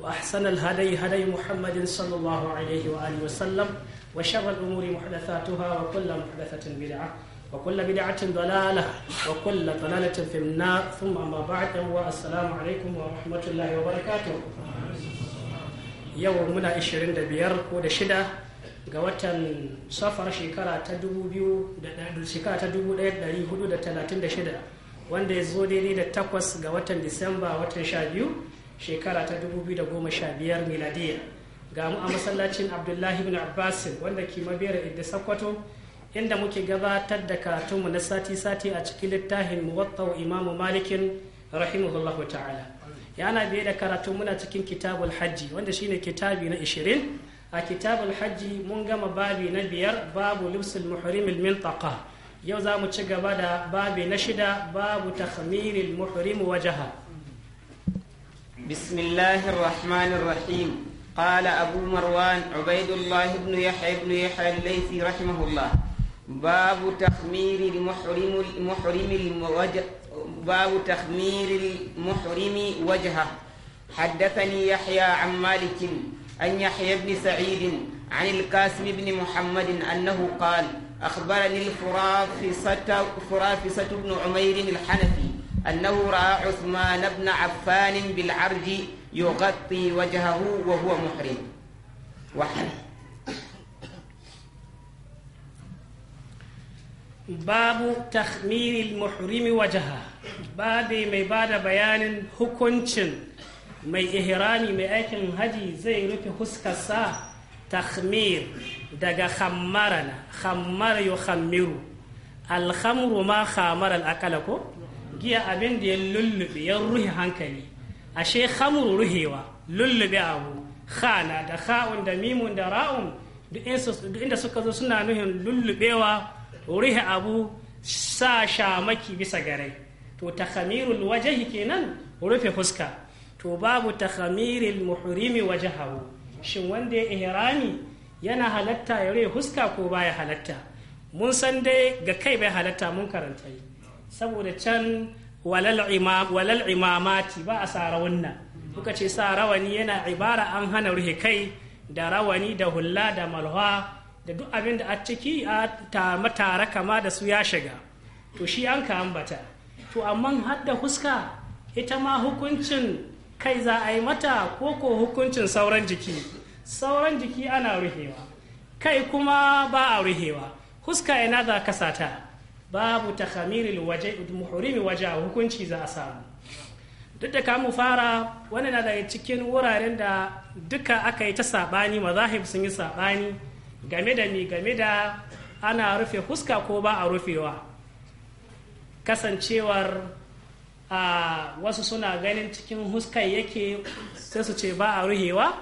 وأحسن الهدي هدي محمد صلى الله عليه وآله وسلم وشر الأمور محدثاتها وكل محدثة بدعة وكل بدعة ضلالة وكل ضلالة في النار ثم أما بعد والسلام عليكم ورحمة الله وبركاته يوم منا 25 ko shida ga watan safar shekara ta 2000 shekara ta 1436 wanda ya zo daidai da takwas ga watan disamba watan sha biyu shekara ta 2015 miladiya ga mu a masallacin abdullahi bin abbas wanda ke mabera idda sakwato inda muke gabatar da karatunmu na sati-sati a cikin littafin muwatta'u imamu malikin rahimahullahu ta'ala yana biye da karatun muna cikin kitabul hajji wanda shine kitabi na 20 a kitabul hajji mun gama babi na biyar babu libsul muhrimil mintaqa yau za mu ci gaba da babi na shida babu tahmiril muhrim wajaha بسم الله الرحمن الرحيم قال أبو مروان عبيد الله بن يحيى بن يحيى الليثي رحمه الله باب تخمير المحرم المحرم باب تخمير المحرم وجهه حدثني يحيى عن مالك عن يحيى بن سعيد عن القاسم بن محمد أنه قال أخبرني الفرافصة فرافصة بن عمير الحنفي أنه رأى عثمان بن عفان بالعرج يغطي وجهه وهو محرم باب تخمير المحرم وجهه باب ما بعد بيان حكمتين ما إهراني ما أكن هدي زي ربي حسكسا تخمير دجا خمارنا خمار يخمر الخمر ما خامر الأكلكو giya abin da ya lullube ya ruhi hankali ashe khamru ruhewa lullube abu khana da kha'un da mimun da ra'un duk inda suka zo suna nuhin lullubewa ruhi abu sa shamaki bisa garai to takhamirul wajhi kenan rufe fuska to babu takhamiril muhrimi wajhahu shin wanda ya ihrami yana halatta ya rufe fuska ko baya halatta mun san dai ga kai bai halatta mun karanta yi saboda can walal imamati ba a sa wannan kuka ce sa rawani yana ibara an hana ruhe kai da rawani da hulla da malwa da duk abin da a ciki a tare kama da su ya shiga to shi an ka ambata to amma hadda huska ita ma hukuncin kai za a yi mata ko ko hukuncin sauran jiki sauran jiki ana ruhewa kai kuma ba a ruhewa huska ina za ka sata babu takhamiril waje muhrimi waje hukunci za a samu duk da kamu fara wani na daga cikin wuraren da duka aka yi ta sabani mazahib sun yi sabani game da mi game da ana rufe huska ko ba a rufewa kasancewar a wasu suna ganin cikin huska yake sai su ce ba a ruhewa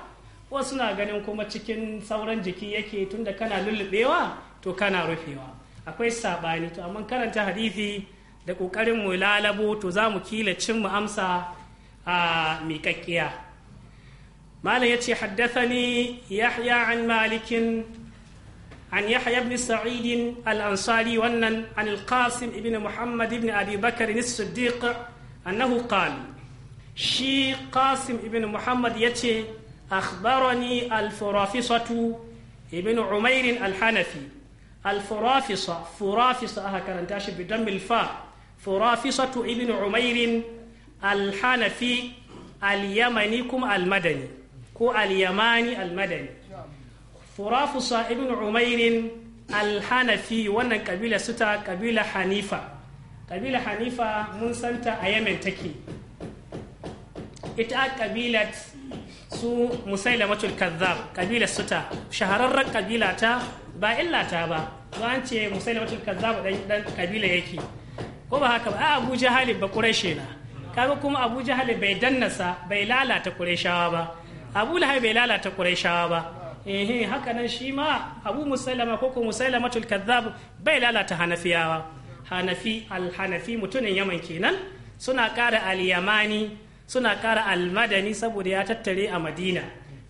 wasu suna ganin kuma cikin sauran jiki yake tunda kana lullubewa to kana rufewa akwai saɓani to amma karanta hadithi da ƙoƙarin mu lalabo to za mu kila cin mu amsa a miƙaƙƙiya malam ya ce haddathani yahya an malikin an yahya ibn sa'idin al-ansari wannan an al-qasim ibn muhammad ibn abi ibn siddiq annahu qala shi qasim ibn muhammad yace akhbarani al-furafisatu ibn umair al-hanafi alfurafisa furafisa aka karanta shi bidan milfa furafisa tu ibn umairin alhanafi alyamani kuma almadani ko alyamani almadani furafisa ibn umairin alhanafi wannan ƙabila su ƙabila kabila hanifa kabila mun santa a yamen take ita kabilat su musailamatul kazzab kabilar suta shahararren kabila ta ba illata ba ba an ce musailamatul kazzab dan kabila yake ko ba haka ba a Abu Jahal ba Quraysh na kaga kuma Abu Jahal bai dannasa bai lalata Qurayshawa ba Abu Lahab bai lalata Qurayshawa ba eh haka nan shi ma Abu Musailama ko ko Musailamatul kazzab bai lalata Hanafiyawa Hanafi al-Hanafi mutumin Yaman kenan suna kara al-Yamani suna kara almadani saboda ya tattare a madina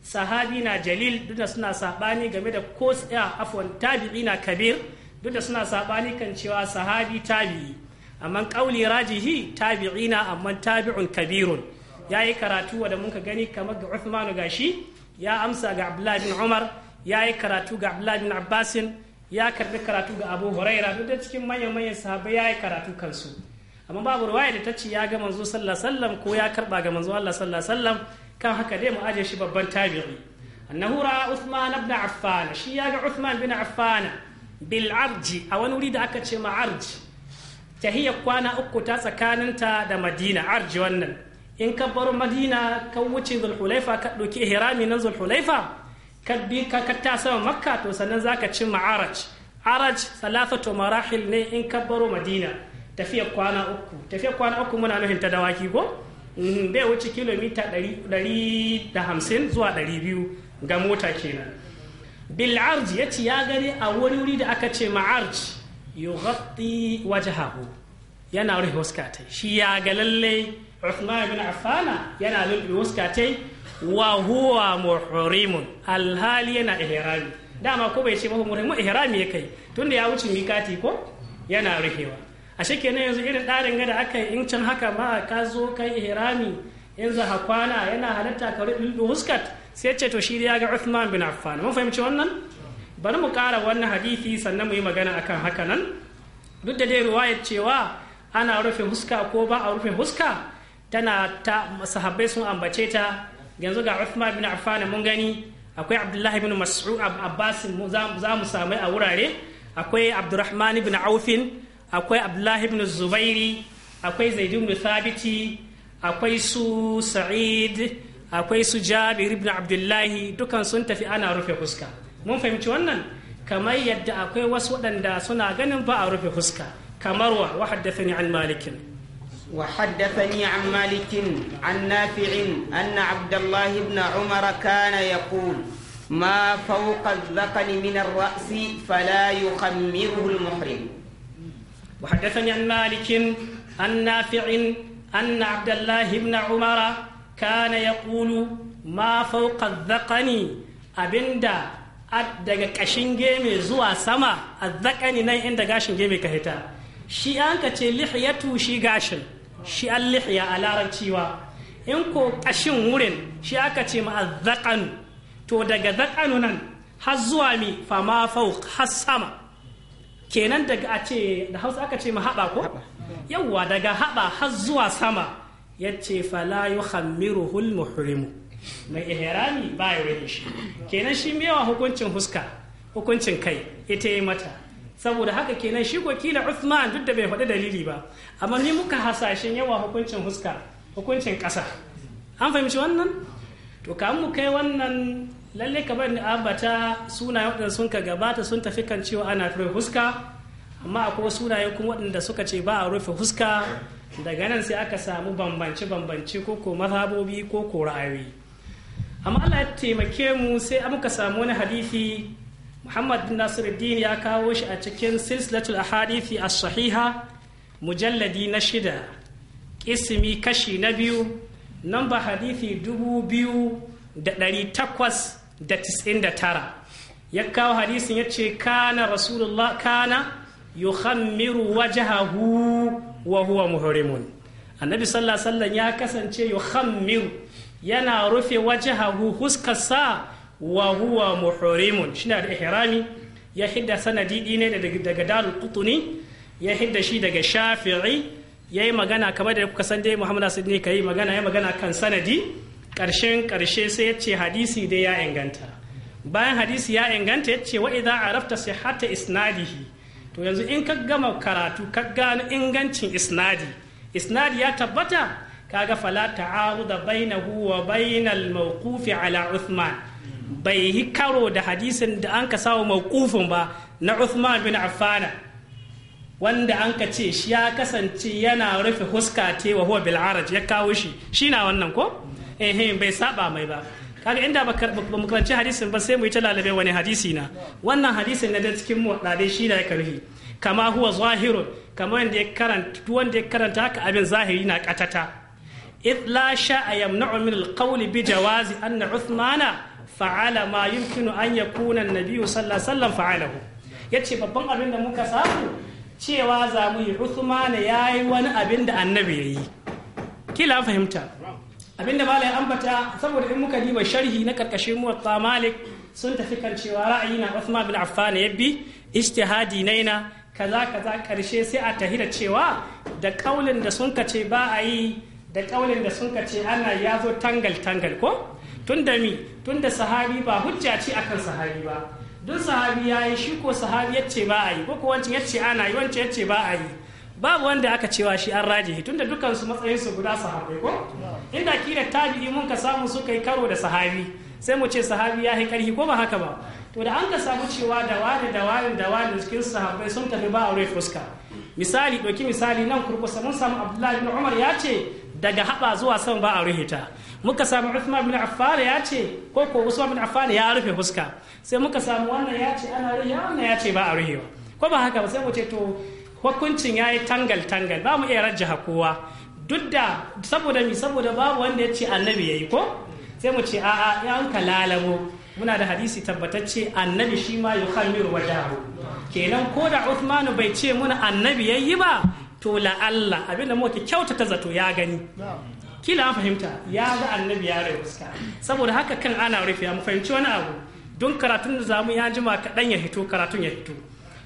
sahabi na jalil duk da suna sabani game da ko ya afwan tabi'i na kabir duk da suna sabani kan cewa sahabi tabi'i amma kauli rajihi tabi'i na amma tabi'un kabirun yi karatu wanda muka gani kamar ga Uthman gashi ya amsa ga Abdullahi bin Umar yi karatu ga Abdullahi bin Abbasin ya karbi karatu ga Abu Huraira duk da cikin manyan manyan sahabbai yayi karatu kansu amma babu ruwaya da ta ce ya ga manzo sallallahu alaihi wasallam ko ya karba ga manzo Allah sallallahu alaihi wasallam kan haka dai mu aje shi babban tabi'i annahu ra'a Uthman ibn Affan shi ya ga Uthman bin Affan bil arji a wani wuri da aka ce ma arji tahiyya kwana uku ta tsakaninta da Madina arji wannan in ka bar Madina ka wuce Zulhulaifa ka ɗauki ihrami nan Zulhulaifa ka bi ka ta sama Makka to sannan zaka cin ma'araj araj salafatu marahil ne in ka baro Madina Tafiya kwana uku tafiya kwana uku muna nufin ta dawaki ko mhm, bai wuce kilomita 150 zuwa 200 ga mota kenan bil'arji ya ce ya gani a wuri wuri da aka ce ma'arj yughatti wajhahu yana rufe huskata shi ya ga lalle Uthman ibn Affana yana rufe huskata wa huwa muhrimun alhali yana ihrami dama ko bai ce ba muhrimu ihrami yake tunda ya wuce mikati ko yana rufewa a ashe ne yanzu irin ɗarin gada aka yi incin haka ma ka zo kai ihrami yanzu hakwana yana halatta ka rubi huskat sai ce to shi ya ga Uthman bin Affan mun fahimci wannan bari mu kara wannan hadisi sannan mu yi magana akan haka nan duk da dai ruwayar cewa ana rufe huska ko ba a rufe huska tana ta sahabbai sun ambace ta yanzu ga Uthman bin Affan mun gani akwai Abdullahi bin Mas'ud Abbas za mu samu a wurare akwai Abdurrahman bin Aufin akwai abdullahi ibn zubairi akwai zaid ibn thabiti akwai su sa'id akwai su jabir ibn abdullahi dukan sun tafi ana rufe fuska mun fahimci wannan kamar yadda akwai wasu waɗanda suna ganin ba a rufe fuska kamar wa wa haddathani an malikin وحدثني عن an عن نافع أن عبد الله بن عمر كان يقول ما فوق الذقن من الرأس فلا يخمره المحرم وحدثني عن مالك عن نافع أن عبد الله بن عمر كان يقول ما فوق الذقن أبندا daga kashin geme zuwa sama a zakani nan inda gashin geme ka hita shi an ka ce shi gashin shi an lihiya a larabciwa in ko kashin wurin shi aka ce ma azzaqanu to daga zaqanu nan har zuwa mi fama fauq har sama kenan daga a ce da hausa aka ce ma haɓa ko yawwa daga haɓa har zuwa sama ya ce fala hamiru hulmu hurimu. mai ihrami ba ya wani shi kenan shi mewa hukuncin huska hukuncin kai ita yi mata saboda haka kenan shi kila Uthman duk da bai faɗi dalili ba amma ni muka hasashen yawa hukuncin huska hukuncin ƙasa an fahimci wannan to kamun mu kai wannan lalle kamar ni ambata sunayen waɗanda sun ka gabata sun tafi kan cewa ana rufe huska amma akwai sunayen kuma waɗanda suka ce ba a rufe huska daga nan sai aka samu bambance-bambance ko ko mazhabobi ko ko ra'ayoyi amma Allah ya taimake mu sai muka samu wani hadithi. Muhammad bin Nasiruddin ya kawo shi a cikin silsilatul ahadithi a sahiha mujalladi na shida ismi kashi na biyu namba hadithi dubu biyu da ɗari takwas da tis'in da tara ya kawo hadisin ya ce kana rasulullah kana yuhammiru wajahahu wa huwa muhrimun annabi sallallahu sallam ya kasance yuhammiru yana rufe wajahahu huskarsa wa huwa muhrimun shi da ihrami ya hidda sanadi ne daga darul qutni ya hidda shi daga shafi'i ya yi magana kamar da kuka san dai muhammad asidi ne ka yi magana ya magana kan sanadi ƙarshen ƙarshe sai ya ce hadisi dai ya inganta bayan hadisi ya inganta ya ce wa'iza a rafta sai hata isnadihi to yanzu in ka gama karatu ka gano ingancin isnadi isnadi ya tabbata kaga fala ta'aruda bainahu wa bainal mawqufi ala Uthman bai yi karo da hadisin da an ka samu mawqufin ba na Uthman bin Affan wanda an ka ce shi ya kasance yana rufe huska te wa huwa bil ya kawo shi shi na wannan ko eh bai saba mai ba kaga inda ba mu karanci hadisin ba sai mu yi ta lalabe wani hadisi na wannan hadisin na da cikin mu dai shi da ya kama huwa zahiru kama wanda ya karanta wanda ya karanta haka abin zahiri na katata id la sha'a yamna'u min al bi jawazi anna uthmana fa'ala ma yumkinu an yakuna an-nabiy sallallahu alaihi wasallam fa'alahu yace babban abin da muka samu cewa za mu yi uthmana yayi wani abin da annabi yayi kila fahimta abinda malai ambata saboda in muka diba sharhi na karkashin muwatta malik sun tafi kan cewa ra'ayi na Uthman bin Affan ya bi ijtihadi naina kaza kaza karshe sai a tahira cewa da kaulin da sun kace ba a yi da kaulin da sun kace ana ya zo tangal tangal ko tunda mi tunda sahabi ba hujja ce akan sahabi ba duk sahabi yayi yi shi ko sahabi yace ba a yi ko ko wancan yace ana yi wancan yace ba a yi babu wanda aka cewa shi an raje tunda dukkan su matsayin su guda sahabbai ko inda kila tabi'i mun ka samu su kai karo da sahabi sai mu ce sahabi ya yi karhi ko ba haka ba to da an ka samu cewa da wani da wani da wani cikin sahabbai sun tafi ba aure fuska misali doki misali nan kurkusa mun samu abdullahi bin umar ya ce daga haɓa zuwa sama ba aure hita muka samu Uthman bin Affan ya ce ko ko Uthman bin Affan ya rufe fuska sai muka samu wannan ya ce ana rufe wannan ya ce ba a rufewa ko ba haka ba sai mu ce to hukuncin ya yi tangal-tangal ba mu iya rajaha kowa duk da saboda mi saboda babu wanda ya ce annabi ya yi ko sai mu ce a'a ya an ka muna da hadisi tabbatacce annabi shi ma wa wadahu kenan ko da Usmanu bai ce muna annabi ya yi ba to la Allah abinda kyauta kyautata zato ya gani kila an fahimta ya ga annabi ya rai fuska saboda haka kan ana rufe mu fahimci wani abu don karatun da zamu ya jima kaɗan ya hito karatun ya hito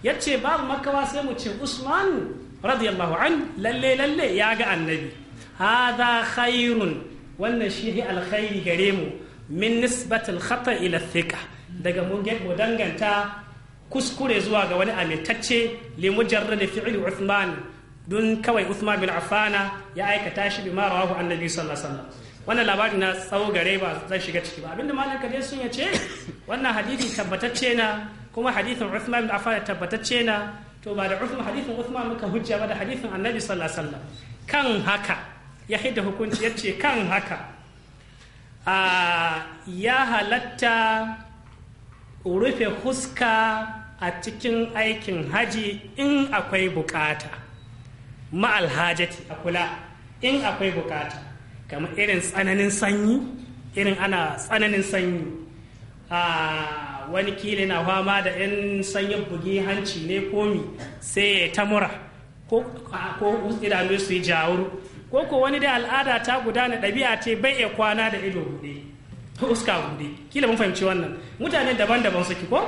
ya ce babu makawa sai mu ce usman radiyallahu an lalle lalle ya ga annabi hadha khairun wannan shi alkhairi gare mu min nisbatil khata ila thika daga mun mu danganta kuskure zuwa ga wani amintacce li mujarrad fi'li Usman. dun kawai Usman bin Affana ya aikata shi bi marawahu annabi sallallahu alaihi wasallam wannan labari na tsawo gare ba zan shiga ciki ba abinda malam kaje sun yace wannan hadisi tabbatacce na kuma hadithin Uthman bin Affan tabbatacce na to ba da Uthman hadithin Uthman muka hujja ba da hadithin Annabi sallallahu alaihi wasallam kan haka ya hidda hukunci yace kan haka a ya halatta rufe huska a cikin aikin haji in akwai bukata ma'al hajati a kula in akwai bukata kamar irin tsananin sanyi irin ana tsananin sanyi wani kila na fama da yan sanyin bugi hanci ne komi sai ya ta mura ko idanu su yi jawuru ko ko wani da al'ada ta gudana ɗabi'a ce bai iya kwana da ido buɗe uska buɗe kila mun fahimci wannan mutane daban-daban suke ko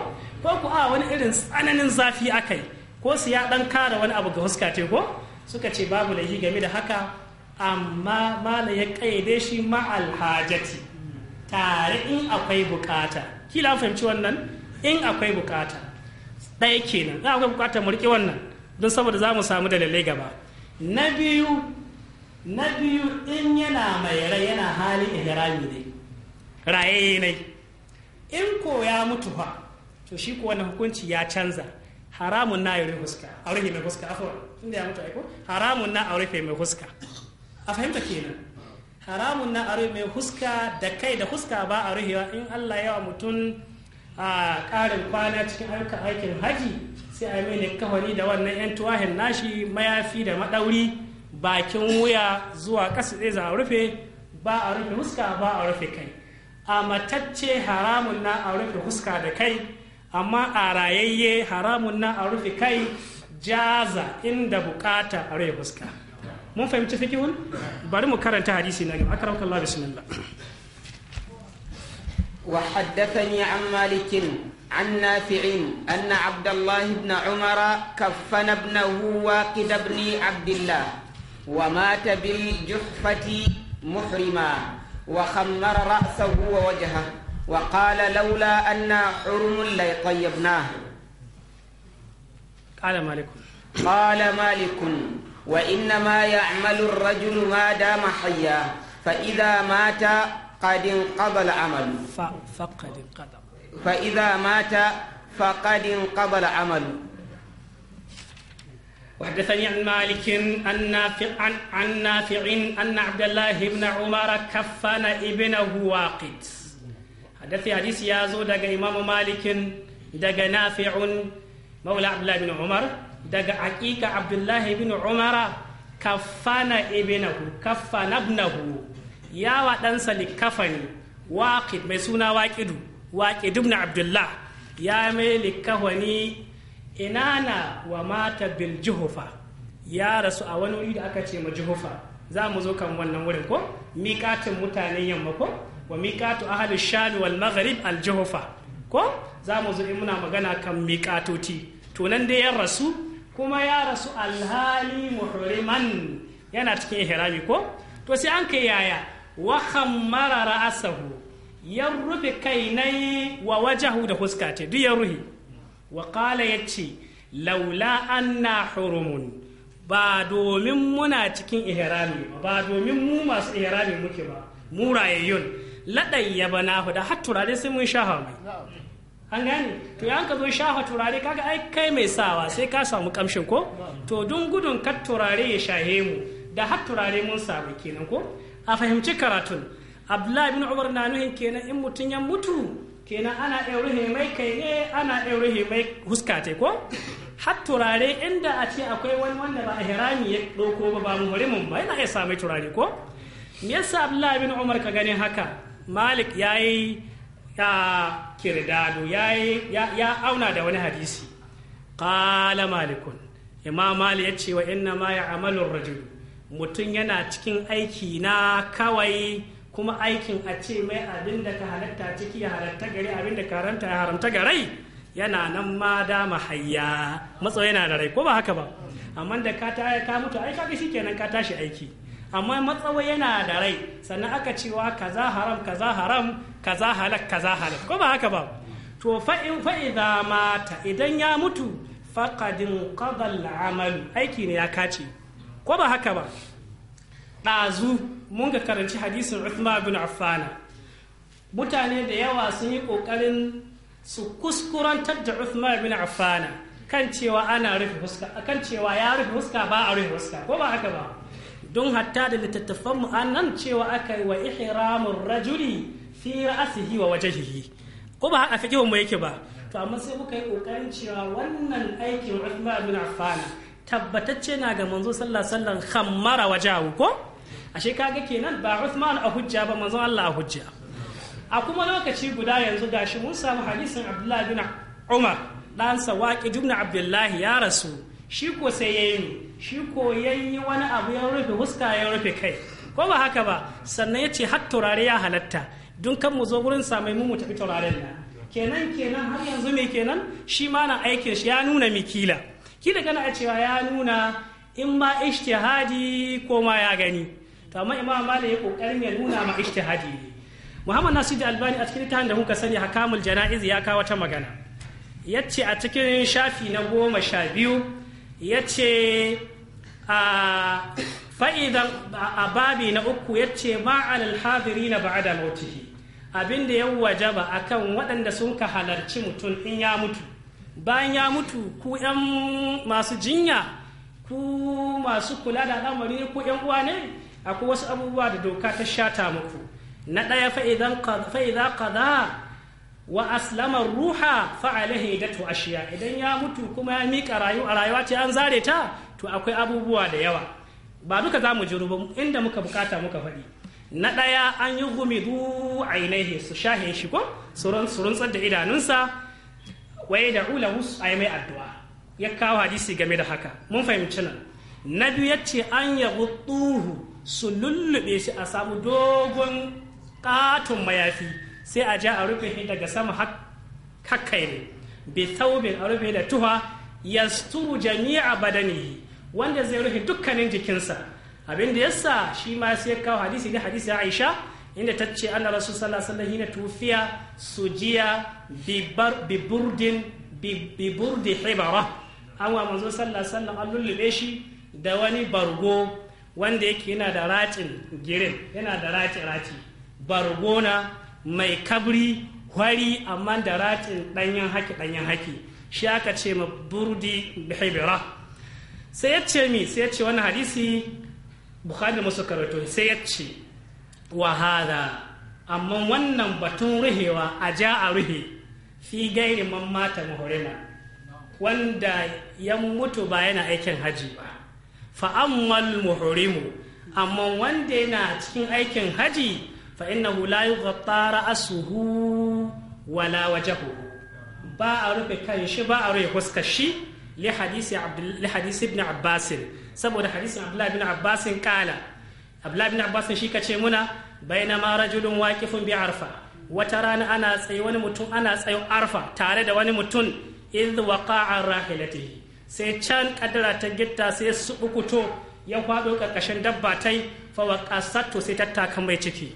ko ku a wani irin tsananin zafi aka yi ko su ya ɗan kara wani abu ga uska ce ko suka ce babu laifi game da haka amma mala ya kayyade shi ma alhajati tare in akwai bukata kila an fahimci wannan in akwai bukata ɗaya kenan in akwai bukata mu riƙe wannan don saboda za mu samu dalilai gaba na biyu na biyu in yana mai rai yana hali ihrami ne raye ne in ko ya mutu fa to shi ko wannan hukunci ya canza haramun na yuri huska a mai huska afwan tunda ya mutu aiko haramun na a rufe mai huska a fahimta kenan haramun na a mai huska da kai da huska ba a ruhewa in allah yawa mutum a ƙarin kwana cikin aikin haji sai a mai kawani da wannan yan tuwahin nashi mayafi da maɗauri bakin wuya zuwa ƙasa ɗaya za a rufe ba a rufe huska ba a rufe kai a matacce haramun na a rufe huska da kai amma a rayayye haramun na a rufe kai jaza inda bukata a rufe huska mun fahimci fikihun bari mu karanta hadisi na gaba akramka Allah bismillah wa haddathani an malikin an nafi'in anna abdullah ibn umara kaffana ibnahu wa qidabni abdullah wa mata bil juhfati muhrima wa khammara ra'sahu wa wajha wa qala laula anna hurmun la qala malikun malikun وإنما يعمل الرجل ما دام حيا فإذا مات قد انقضى العمل فقد انقضى فإذا مات فقد انقضى العمل وحدثني عن مالك عن نافع عن, عن نافع أن عبد الله بن عمر كفن ابنه واقد حدثي حديث يازو دقى إمام مالك دقى نافع مولى عبد الله بن عمر daga hakika abdullahi ibn umara kafana ibnahu kaffana ibnahu ya wa ɗansa likafani waqid mai suna waqidu waqid ibn abdullah ya mai likafani inana wa mata bil juhufa ya rasu a wani wuri da aka ce ma juhufa za mu zo kan wannan wurin ko miƙatin mutanen yamma ko wa miƙatu ahli shami wal maghrib al juhufa ko za mu zo in muna magana kan miƙatoti to nan dai ya rasu kuma ya rasu alhali muhriman yana cikin ihrami ko to sai an kai yaya wa khammara ra'asahu ya rufe kainai wa wajahu da huska duk ya ruhi wa qala yace laula anna hurumun ba domin muna cikin ihrami ba domin mu masu ihrami muke ba murayayyun ladan yabana da har turare sai mun sha mai an gani to yan ka zo shafa turare kaga ai kai mai sawa sai ka samu kamshin ko to don gudun kat turare ya shahe mu da har turare mun samu kenan ko a fahimci karatun abdullahi bin umar na nuhin kenan in mutum ya mutu kenan ana ɗaure mai kai ne ana ɗaure mai huska te ko har turare inda a ce akwai wani wanda ba a hirami ya ɗauko ba ba mu bari mun ba yana iya samu turare ko me yasa abdullahi bin umar ka ganin haka malik yayi ya kirdado ya auna da wani hadisi qala malikun imam malik ya ce wa inna ma ya'malu rajul mutum yana cikin aiki na kawai kuma aikin a ce mai abin da ka halatta ciki ya halatta gari abin da karanta ya haramta garai yana nan ma da mahayya matsayi yana da rai ko ba haka ba amma da ka ta ka mutu ai shi kenan ka tashi aiki amma matsawa yana da rai sannan aka cewa kaza haram kaza haram kaza halak kaza halak ko ba haka ba to fa'in fa'iza mata idan ya mutu faƙadin ƙadal amalu aiki ne ya kace ko ba haka ba ɗazu mun ga karanci hadisin Uthman bin Affana mutane da yawa sun yi ƙoƙarin su kuskurantar da Uthman bin Affana kan cewa ana rufe huska akan cewa ya rufe huska ba a rufe huska ko ba haka ba don hatta da littattafan mu nan cewa aka yi wa ihramur rajuli fi ra'asihi wa wajhihi ko ba haka fiqhun mu yake ba to amma sai muka yi kokarin cewa wannan aikin Uthman bin Affan tabbatacce na ga manzo sallallahu alaihi wasallam khammara wajahu ko ashe kaga kenan ba Uthman a hujja ba manzo Allah a hujja a kuma lokaci guda yanzu gashi mun samu hadisin Abdullahi bin Umar dan sawaki ibn Abdullah ya rasu shi ko sai yayi shi ko yayi wani abu ya rufe huska ya rufe kai ko ba haka ba sannan yace har turare ya halatta don kan mu zo gurin sa mu mu tafi taurarin nan kenan kenan har yanzu mai kenan shi ma na aikin shi ya nuna mikila kila kana a cewa ya nuna in ma ishtihadi ko ma ya gani to amma imam malik ya kokarin ya nuna ma ishtihadi ne muhammad nasir da albani a cikin tahan da kuka sani hakamul jana'iz ya kawo wata magana yace a cikin shafi na goma sha biyu yace a fa'idan a babi na uku ya ce ma'al alhadiri na ba'ada mautihi abin da ya wajaba akan waɗanda sun ka halarci mutum in ya mutu bayan ya mutu ku 'yan masu jinya ku masu kula da al'amari ku 'yan uwa ne akwai wasu abubuwa da doka ta shata muku na ɗaya fa'iza kaza wa aslamar ruha fa'alaihi da ashiya idan ya mutu kuma ya miƙa rayuwa ce an zare ta to akwai abubuwa da yawa ba duka za mu jiru ba inda muka bukata muka faɗi na ɗaya an yi gumi du, ainihi su shahe shi ko su rantsar da idanunsa waye da ulahu a yi mai addu'a ya kawo hadisi game da haka mun fahimci nan na biyu ya ce an yi tsuhu su lullube shi a samu dogon katon mayafi sai a ja a rufe daga sama hakkai ne bi taubin a rufe da tuha yasturu jami'a badanihi wanda zai rufe dukkanin jikinsa abin da yasa shi ma sai kawo hadisi ne hadisi Aisha inda ta ce ana rasu sallallahu alaihi wasallam tufiya su jiya burdin bi burdi hibara an wa manzo sallallahu alaihi an lullube shi da wani bargo wanda yake yana da racin girin yana da raci raci bargo na mai kabri kwari amma da racin danyen haki danyen haki shi aka ce ma burdi hibara sai ya ce mi sai ya ce wani hadisi bukhari da musu karatu sai ya ce wa amma wannan batun ruhewa a ja a ruhe fi gairi man mata muhurima wanda ya mutu ba yana aikin haji ba fa ammal muhrimu amma wanda yana cikin aikin haji fa yi la yughatta ra'suhu wala wajahu. ba a rufe kan shi ba a rufe fuskar shi li hadisi li hadisi ibn abbas saboda hadisin abdullah ibn abbas kala abdullah ibn shi kace muna bainama rajulun waqifun bi arfa wata rana ana tsaye wani mutum ana tsaye arfa tare da wani mutum idh waqa'a rahilatihi sai can kadara ta gitta sai su bukuto ya faɗo ƙarƙashin dabba tai fa waqasattu sai tattaka mai ciki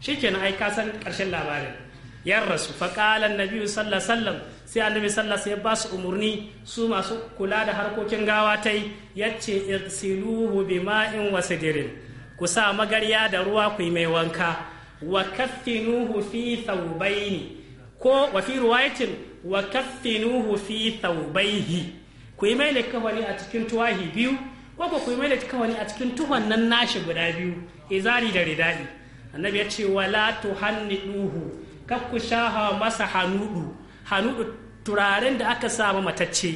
shikenan ai ka san ƙarshen labarin ya rasu faƙalan biyu sallallahu sallam sai annabi sallallahu sai ba su umarni su masu kula da harkokin gawa ta yace ya ce irsiluhu bi ma'in wasidirin ku sa magarya da ruwa ku yi mai wanka wa kaffinuhu fi thawbaini ko wa fi ruwayatin wa kaffinuhu fi thawbaihi ku yi mai likafani a cikin tuwahi biyu ko ku yi mai likafani a cikin tuhon nan nashi guda biyu izari da ridai annabi ya ce wala nuhu. kar ku shaha masa hanudu hanudu turaren da aka samu matacce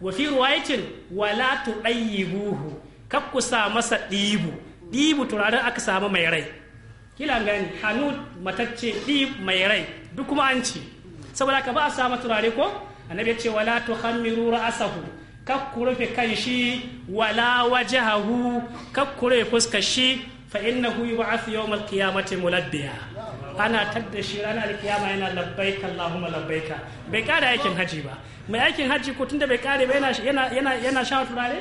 wa fi ruwayatin wala tudayyibuhu kar ku sa masa dibu dibu turaren aka samu mai rai kila gani hanud matacce dib mai rai duk kuma an ci saboda ka ba a sama turare ko annabi ya ce wala tuhammiru ra'asahu kakku rufe kan shi wala wajahahu kakku rufe fuskar shi fa innahu yub'ath yawm al-qiyamati mulabbiya ana tadda shi ranar alkiyama yana labbaika Allahumma labbaika bai kare aikin haji ba mai aikin haji ko tunda bai kare ba yana yana yana sha turare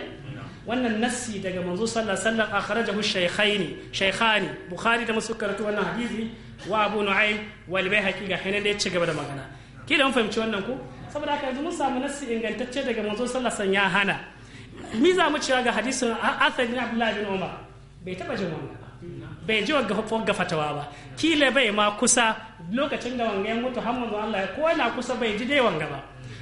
wannan nassi daga manzo sallallahu alaihi wasallam akhrajahu shaykhaini shaykhani bukhari da musu karatu wannan hadisi wa abu nu'aym wal bayhaqi ga hanan da ya ci gaba da magana ki da mun fahimci wannan ko saboda haka yanzu mun samu nassi ingantacce daga manzo sallallahu alaihi wasallam ya hana mi za mu cewa ga hadisin Athar bin Abdullah bin Umar bai taba jin wannan ba bai ji wagga fatawa ba kila bai ma kusa lokacin da wanga ya mutu hamman Allah ko yana kusa bai ji dai wanga ba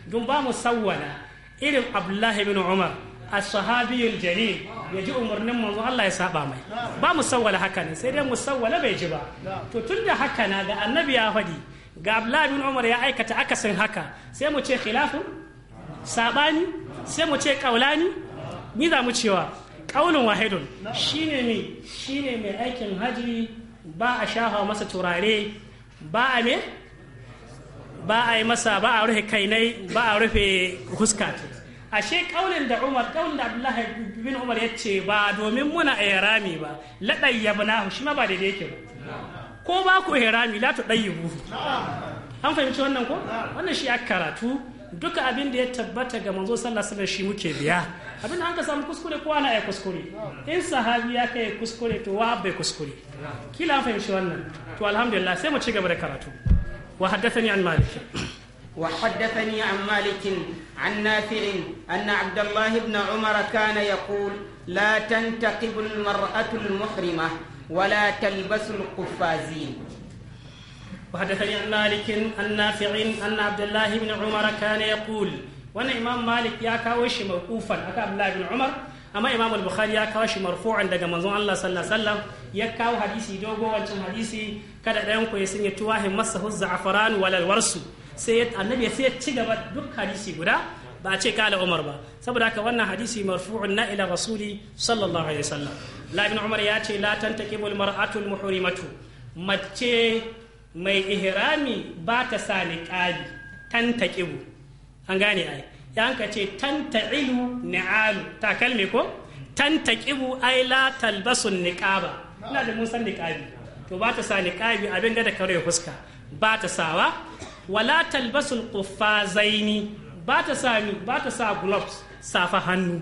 don ba mu sawwana irin Abdullahi bin Umar as-sahabiyul jalil ya ji umarnin manzo Allah ya saba mai ba mu sawwala haka ne sai dai mu sawwala bai ji ba to tunda haka na ga annabi ya faɗi ga Abdullahi bin Umar ya aikata akasin haka sai mu ce khilafu sabani sai mu ce kaulani ni za mu cewa Ƙaunin wahidun shine mai shine mai aikin haji ba a shafa masa turare ba a me ba a yi masa ba a rufe kainai ba a rufe huska ashe kaunin da Umar kaunin da Abdullahi bin Umar ya ce ba domin muna a yarami ba bana shi ma ba daidai yake ba ko ba ku yarami la buhu an fahimci wannan ko wannan shi ya karatu duka abin da ya tabbata ga manzo sallallahu alaihi shi muke biya abin da an samu kuskure kowa na ya kuskure in sahabi ya kai kuskure to wa bai kuskure kila an fahimci wannan to alhamdulillah sai mu ci gaba da karatu wa haddathani an malik an عن an عن نافع أن عبد الله بن عمر كان يقول لا تنتقب المرأة المحرمة ولا تلبس القفازين وحدثني عن مالك عن نافع أن عبد الله بن عمر كان يقول وأنا إمام مالك يا كاوش موقوفا أكا عبد الله بن عمر أما إمام البخاري يا كاوش مرفوعا لقى منظوم الله صلى الله عليه وسلم يا كاو حديثي دوغو وانتم حديثي كذا دايمكو يسن يتواهم مسه الزعفران ولا الورس سيد النبي سيد تشيغا دوك حديثي غدا ba a ce kala umar ba saboda haka wannan hadisi marfu'un na ila rasuli sallallahu alaihi wasallam la ibn umar ya ce la tantakibul mar'atul muhrimatu mace mai ihrami ba ta sa niqabi tanta ƙibu an gane ai yan ka ce tanta ilu ni'alu takalmi ko tanta ƙibu ai la talbasun niƙaba. ina da mun san to ba ta sa niqabi abin ga da kare fuska ba ta sawa wala talbasul quffazaini ba ta sa mi ba ta sa gloves safa hannu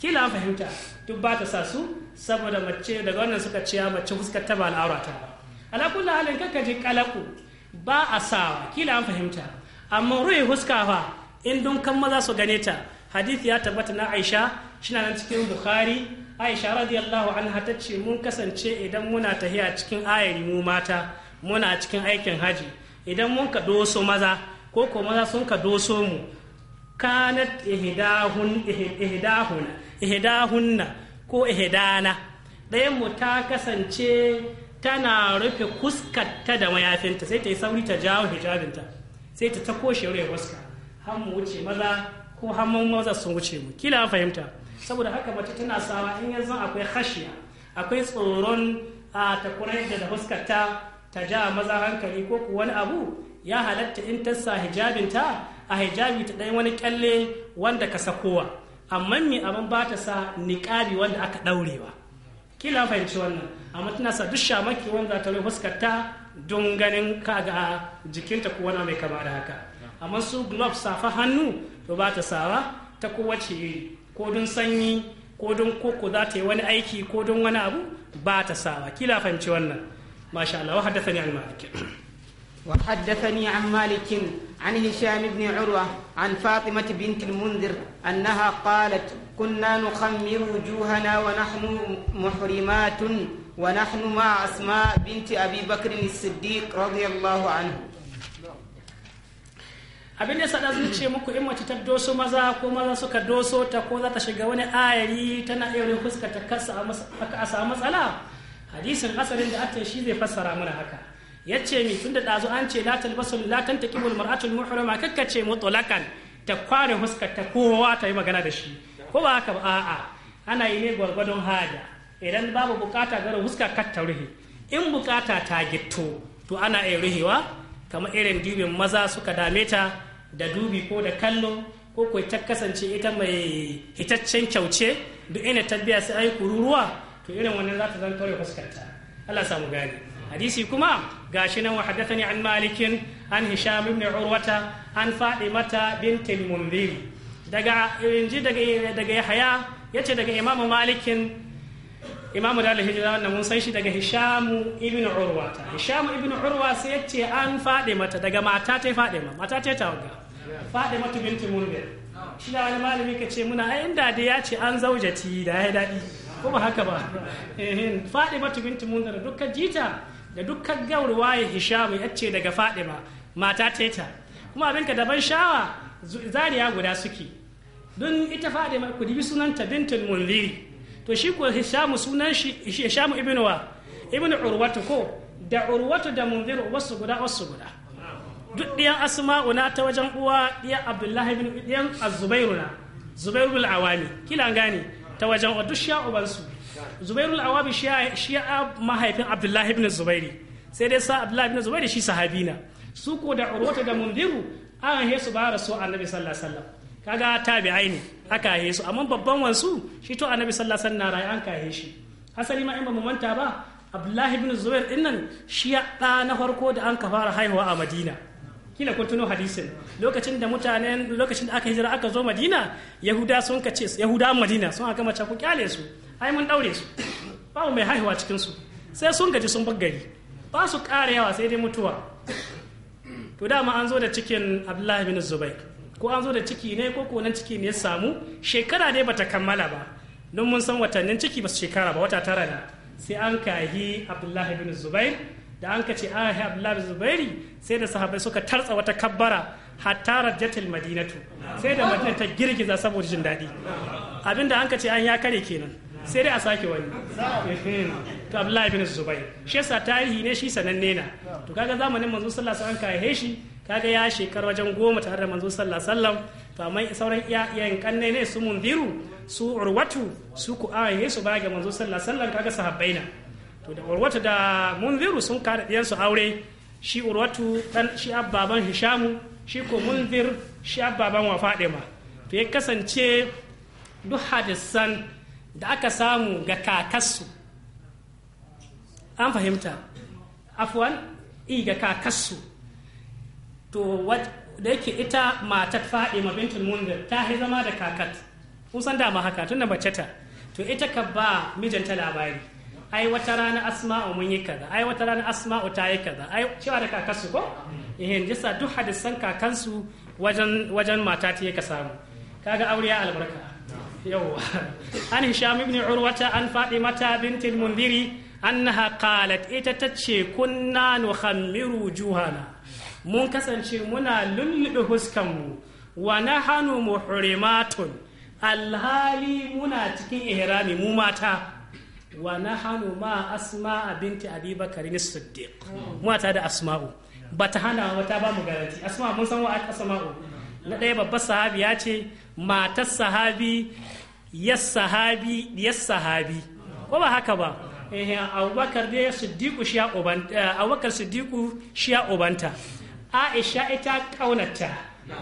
kila fahimta duk ba ta sa su saboda mace daga wannan suka ciya mace fuskar ta ba ta ba ala kullu halin kakka ji kalaku ba a sawa kila an fahimta amma ruhi huska in dun kan maza su gane ta hadisi ya tabbata na Aisha shina nan cikin Bukhari Aisha radiyallahu anha ta mun kasance idan muna tahiya cikin ayari mu mata muna cikin aikin haji idan mun ka doso maza ko ko maza sun ka doso mu kanat ihdahun ihdahuna ihdahunna ko ihdana ɗayan mu ta kasance tana rufe kuskarta da mayafinta sai ta yi sauri ta jawo hijabinta sai ta tako shi ruwa fuska har wuce maza ko har maza sun wuce mu kila fahimta saboda haka mace tana sawa in yanzu akwai hashiya akwai tsoron a ta da fuskarta ta ja maza hankali ko ku wani abu ya halatta in ta sa hijabinta a hijabi ta ɗan wani kyalle wanda ka sakowa amma me abin ba ta sa niƙabi wanda aka daurewa kila fahimci wannan amma tana sa duk shamaki wanda ta rufe fuskarta don ganin kaga jikinta ko wani mai kama da haka amma su glove safa hannu to ba ta sawa ta kowace iri ko don sanyi ko don koko za ta yi wani aiki ko don wani abu ba ta sawa kila fahimci wannan masha Allah wa haddathani an malik wa haddathani an malik an hisham ibn urwa an fatima bint al-munzir annaha qalat kunna nukhammiru wujuhana wa nahnu muhrimatun ونحن مع أسماء بنت أبي بكر الصديق رضي الله عنه abin da sada zan ce muku in mace ta doso maza ko maza suka doso ta ko za ta shiga wani ayari tana iya wurin fuska ta a samu matsala hadisin asalin da aka shi zai fassara mana haka yace mi da dazu an ce la talbasul la tantaqibul mar'atul muhrama kakkace mutlaqan ta kware fuskar ta kowa ta yi magana da shi ko ba haka ba a'a ana yi ne gwargwadon haja idan babu bukata garin huska katta ta ruhe in bukata ta gitto to ana iya ruhewa kamar irin dubin maza suka dame ta da dubi ko da kallo ko kuwa ta kasance ita mai hitaccen kyauce duk ina ta biya sai ai kururuwa to irin wannan za ta zan kawai fuskarta Allah samu gani hadisi kuma gashi nan wa hadathani an malikin an hisham ibn urwata an fadimata bintil mundhir daga inji daga daga yahya yace daga imamu malikin imamu da da wannan mun san shi daga hishamu ibn urwa ta hishamu ibn urwa sai yace an fade mata daga mata ta fade ma mata ta tawaga fade mata binti mulbir shi da wani malami ka ce muna ai inda da ya ce an zaujati da ya dadi ko ba haka ba eh fade mata binti da dukkan jita da dukkan gaurwa ya hishamu yace daga fade ma mata ta ta kuma abin ka daban shawa zariya guda suke don ita fade ma ku dibi sunanta bintul munziri to shi ko hishamu sunan shi hishamu ibnu wa ibnu urwatu ko da urwatu da munzir wasu guda wasu guda duk ɗiyan asma'u na ta wajen uwa ɗiyan abdullahi ibn ɗiyan azubairu na zubairu bil awami kila gane ta wajen uwa duk shi'a ubansu zubairu bil awami shi shi'a mahaifin abdullahi ibn zubairi sai dai sa abdullahi ibn zubairi shi sahabi na su ko da urwatu da munziru an hesu ba rasu annabi sallallahu alaihi wasallam kaga tabi'ai ne aka haye su amma babban wansu shi to annabi sallallahu alaihi wasallam rayi an kahe shi asali ma in ba mu manta ba abdullahi ibn zubair din nan shi ya da na farko da an ka fara haihuwa a madina kila kun tuno hadisin lokacin da mutanen lokacin da aka hijira aka zo madina yahuda sun ka ce yahuda madina sun aka mace ku kyale su ai mun daure su mu mai haihuwa cikin su sai sun gaji sun baggari ba su kare yawa sai dai mutuwa to dama an zo da cikin abdullahi ibn zubair ko an zo da ciki ne ko kuwa ciki ne ya samu shekara dai bata kammala ba don mun san watannin ciki ba su shekara ba wata tara da sai an kahi abdullahi bin zubair da an kace an yi abdullahi bin zubairi sai da sahabai suka tartsa wata kabbara hatta jatil madinatu sai da madina ta girgiza saboda jin daɗi abinda an kace an ya kare kenan sai dai a sake wani to abdullahi bin zubair shi yasa tarihi ne shi sananne na to kaga zamanin manzo sallallahu alaihi wasallam an kahe shi kaga ya shekar wajen goma tare da manzo sallallahu sallam to amma sauran iyayen kanne ne su munziru su urwatu su ku a yesu su ga manzo sallallahu sallam kaga sahabbai na to da urwatu da munziru sun kada diyan su aure shi urwatu dan shi abbaban hishamu shi ko munzir shi abbaban wa fadima to ya kasance duk hadisan da aka samu ga kakassu an fahimta afwan i ga kakassu to da yake ita matar fa'ima bintul munzir ta yi zama da kakat kun san dama haka tunda mace ta to ita ka ba mijinta labari ai wata rana asma'u mun yi kaza ai wata rana asma'u ta yi kaza ai cewa da kakansu ko eh duk hadisan kakansu wajen wajen mata ta ka samu kaga aure ya albarka yawa an hisham ibn urwata an fatimata bintul mundiri annaha qalat ita tace kunna nuhammiru juhana mun kasance muna lulluɓe huskanmu wa na hannu mu muhrimatun alhali muna cikin ihrami mu mata wa na hannu ma asma binti abi bakarin mu mata da asma'u ba ta hana ta ba mu garanti asma mun san wa asma'u na ɗaya babbar sahabi ya ce matar sahabi ya sahabi ya sahabi ko ba haka ba eh, abubakar dai siddiqu shi ya eh, ubanta aisha ita kaunata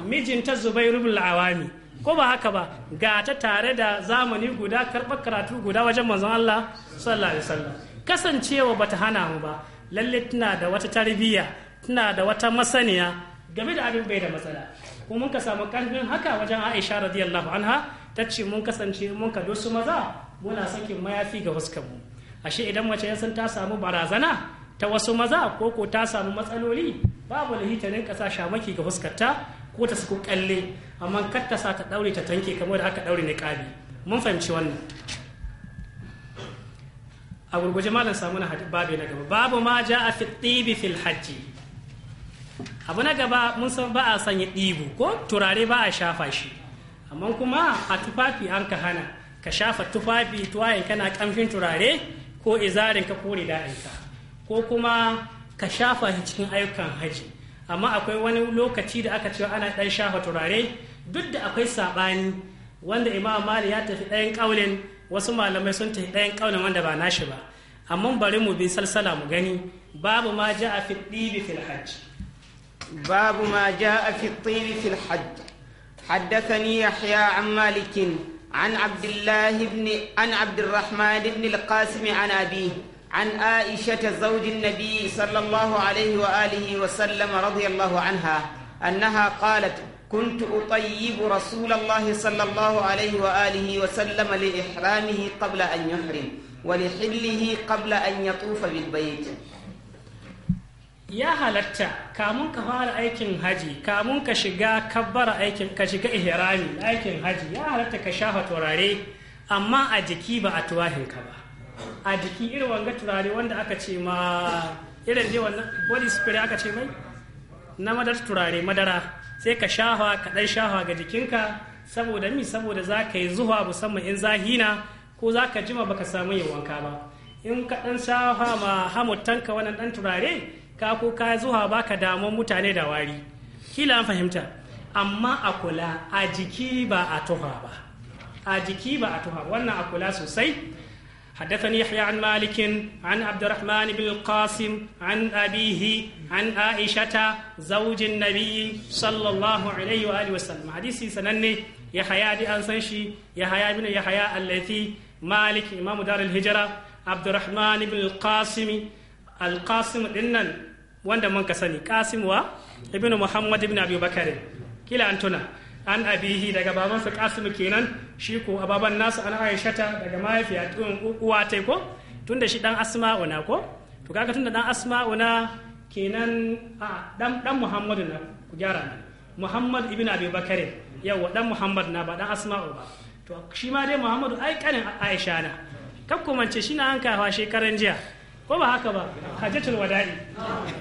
mijinta zubairu bin awami ko ba haka ba ga ta tare da zamani guda karɓar karatu guda wajen manzon Allah sallallahu alaihi wasallam kasancewa bata hana mu ba lalle tana da wata tarbiyya tana da wata masaniya game da abin bai da matsala ko mun ka samu karfin haka wajen Aisha radiyallahu anha Tace mun kasance mun ka dosu maza muna sakin mayafi ga mu ashe idan mace ya san ta samu barazana ta wasu maza ko ko ta samu matsaloli babu lahi ta kasa sa shamaki ga fuskarta ko ta suku kalle amma kar ta sa ta daure ta tanke kamar da aka daure kabi mun fahimci wannan a gurguje malam samu na babu na gaba babu ma ja a tibi fil hajji abu na gaba mun san ba a sanya ɗibu ko turare ba a shafa shi amma kuma a tufafi an ka hana ka shafa tufafi tuwayen kana kamshin turare ko izarin ka kore da'inka ko kuma ka shafa shi cikin ayyukan haji amma akwai wani lokaci da aka cewa ana ɗan shafa turare duk da akwai saɓani wanda imam mali ya tafi ɗayan ƙaunin wasu malamai sun tafi ɗayan ƙaunin wanda ba nashi ba amma bari mu bi salsala mu gani babu ma ja a fiɗibi fil hajj babu ma ja a fiɗibi fil hajj حدثني يحيى عن مالك عن عبد الله بن عن عبد الرحمن بن عن عائشة زوج النبي صلى الله عليه وآله وسلم رضي الله عنها أنها قالت كنت أطيب رسول الله صلى الله عليه وآله وسلم لإحرامه قبل أن يحرم ولحله قبل أن يطوف بالبيت ya halatta kamun ka fara aikin haji kamun ka shiga kabbara aikin ka shiga ihrami aikin haji ya halatta ka shafa turare amma a jiki ba a tuwahinka ba a jiki irin wanga turare wanda aka ce ma irin dai wannan body spray aka ce mai na madar turare madara sai ka shafa ka dan shafa ga jikinka saboda mi saboda za ka yi zuwa musamman in zahina ko za ka jima baka samu yin wanka ba in ka dan shafa ma hamuttanka wannan dan turare ka ko ka zuwa baka damun mutane da wari kila an fahimta amma a kula a jiki ba a tuha ba a jiki ba a tuha wannan a kula sosai حدثني يحيى عن مالك عن عبد الرحمن بن القاسم عن أبيه عن عائشة زوج النبي صلى الله عليه وآله وسلم حديثي سنني يحيى دي أنسنشي يحيى بن يحيى الذي مالك إمام دار الهجرة عبد الرحمن بن القاسم القاسم دنن وند من كسني قاسم و ابن محمد بن أبي بكر كلا أنتنا an abihi daga babansa kasimu kenan shi ko a baban nasu an aishata daga mahaifiya uwa ta ko tun da shi dan asma'u na ko to kaga tun da dan asma'u na kenan a dan dan muhammadu na ku gyara ni muhammad ibn abi bakare yawa dan muhammad na ba dan asma'u ba to shi ma dai muhammadu ai kanin aisha na kan kumance shi na an kafa shekaran jiya ko ba haka ba hajjatul wada'i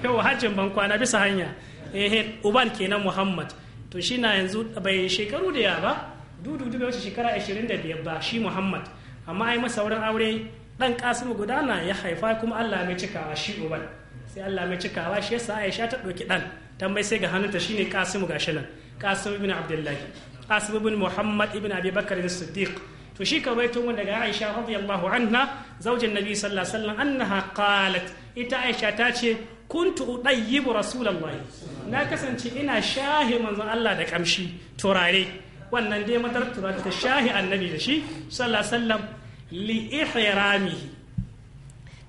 yawa hajjin ban kwana bisa hanya eh uban kenan muhammad to shi na yanzu bai shekaru da yawa ba dudu dubu wace shekara 25 ba shi muhammad amma ai masa wurin aure dan kasimu gudana ya haifa kuma allah mai cikawa shi uban sai allah mai cikawa shi yasa aisha ta ɗauki ɗan tambayi sai ga hannunta shine kasimu gashi nan kasimu ibn abdullahi kasimu ibn muhammad ibn abi bakar siddiq to shi ka baito mun daga aisha radiyallahu anha zaujin nabi sallallahu alaihi wasallam annaha qalat ita aisha ta ce kuntu udayyibu rasulullahi na kasance ina shahi manzon Allah da kamshi turare wannan dai madar turare ta shahi annabi da shi sallallahu alaihi wasallam li ihramihi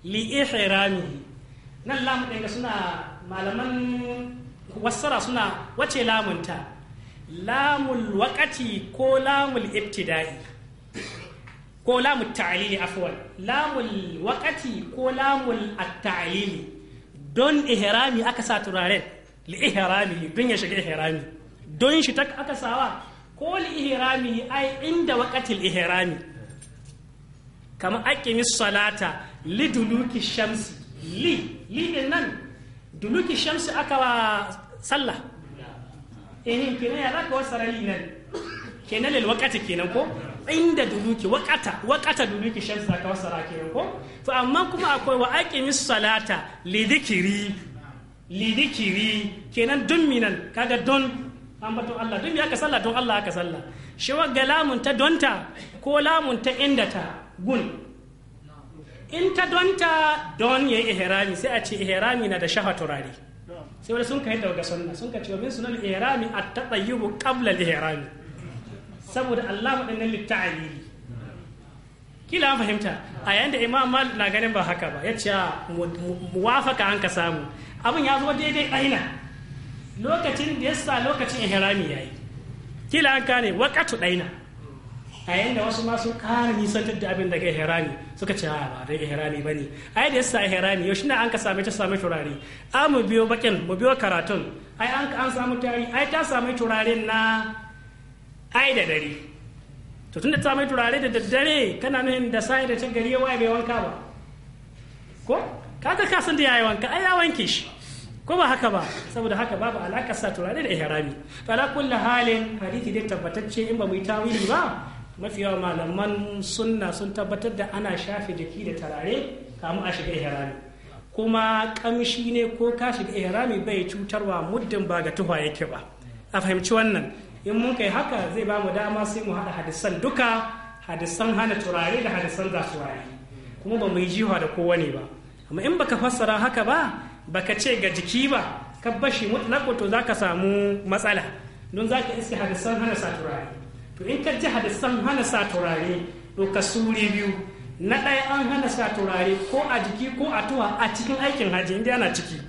li nan lamu ɗin suna malaman wassara suna wace lamunta lamul waƙati ko lamul ibtida'i ko lamul ta'alili afwan lamul waƙati ko lamul at-ta'alili don ihrami aka sa turaren li ihrami don ya shiga ihrami don shi ta aka sawa ko li ihrami ai inda waqatil ihrami kama aqimis salata li duluki shamsi li li nan duluki shamsi aka wa sallah eh kenan ya zaka wasara nan kenan lil waqati kenan ko inda duluki wakata wakata duluki shan ka wasara kenan ko to amma kuma akwai wa aqimis salata li dhikri li dhikri kenan don minan kaga don ambaton Allah don aka sallah don Allah aka sallah shi wa lamun ta donta ko lamun ta inda ta gun in ta donta don ya yi ihrami sai a ce ihrami na da shafa turare sai wani sun kai daga sunna sun ka ce min sunan ihrami at-tatayyubu qabla al-ihrami saboda Allah ɗannan litta'alili kila an fahimta a yayin da imam malik na ganin ba haka ba ya ce ah, muwafaka an ka samu abin ya zo daidai aina lokacin da ya sa lokacin ihrami ya yi kila an kane wakatu ɗaina a yayin da wasu masu ƙara nisantar da abin daga ihrami suka ce a ah, ba daga ihrami ba ne a yayin da ya sa ihrami yau shine an ka same ta same turare a mu biyo bakin mu biyo karatun ai an samu tari ai ta same turare na ai da dare to tunda ta mai turare da daddare kana nuhin da sai da ta gari ya waye bai wanka ba ko kaga ka san da yayi wanka ai ya wanke shi ko ba haka ba saboda haka babu alakar sa turare da ihrami to ala kulli halin hadisi da tabbatacce in ba mu yi tawili ba mafi yawa malaman sunna sun tabbatar da ana shafe jiki da tarare kamun a shiga ihrami kuma kamshi ne ko ka shiga ihrami bai cutarwa muddin ba ga tuha yake ba a fahimci wannan in mun kai haka zai ba mu dama sai mu haɗa hadisan duka hadisan hana turare da hadisan za turare kuma ba mu yi jiwa da kowa ne ba amma in baka fassara haka ba baka ce ga jiki ba ka bashi mutlaƙo to ka samu matsala don za ka iske hadisan hana sa turare to in ka ji hadisan hana sa turare to ka suri biyu na ɗaya an hana sa turare ko a jiki ko a tuwa a cikin aikin hajji inda yana ciki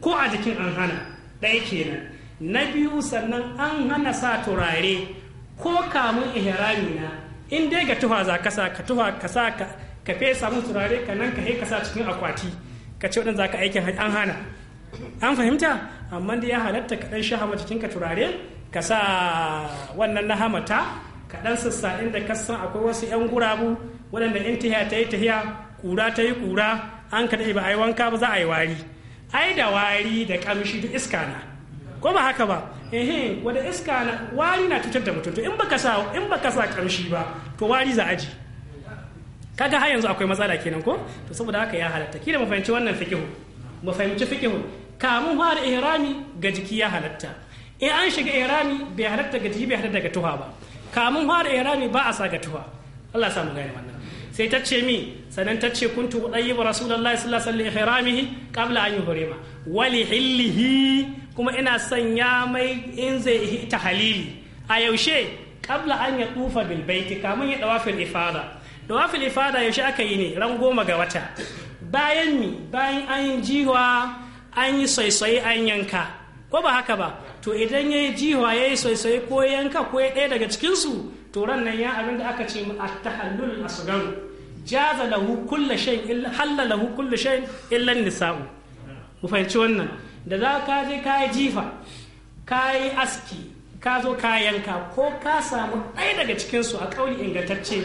ko a jikin an hana ɗaya kenan na biyu sannan an hana sa turare ko kamun ihrami na in dai ga tuha za ka sa ka tuha ka sa ka ka fesa turare ka nan ka ka sa cikin akwati ka ce waɗanda za ka aikin an hana an fahimta amma dai ya halatta ka ɗan shahama ka turare ka sa wannan na hamata ka ɗan sassa inda ka san akwai wasu 'yan gurabu waɗanda in tahiya ta yi tahiya kura ta yi kura an ka ba a yi wanka ba za a yi wari ai da wari da ƙamshi da iska na ko ba haka ba ehe wanda iska na wari na cutar da mutum to in baka sa in baka sa kamshi ba to wari za aji kaga har yanzu akwai matsala kenan ko to saboda haka ya halatta kila mu fahimci wannan fikihu mu fahimci fikihu kamun fara ihrami ga jiki ya halatta in an shiga ihrami bai halatta ga jiki bai halatta ga tuha ba kamun fara ihrami ba a sa ga tuha Allah ya samu gane wannan sai ta ce mi sannan ta ce kun kudayi ba rasulallah sallallahu alaihi wasallam qabla an yuhrima wali hillihi kuma ina sanya mai in zai ta halili a yaushe qabla an ya tufa bil baiti kamun ya dawafil ifada dawafil ifada yaushe aka yi ne ran goma ga wata bayan mi bayan an yi jiwa an yi soyayya an yanka ko ba haka ba to idan ya yi jiwa ya yi soyayya ko yanka ko ya ɗaya daga cikinsu to ran nan ya abin da aka ce mu at-tahallul asghar jaza lahu kulla shay'in illa halla lahu kulla shay'in illa nisa'u mu fahimci wannan da za ka je ka yi jifa ka yi aski ka zo ka yanka ko ka samu ɗaya daga cikin su a kauli ingantacce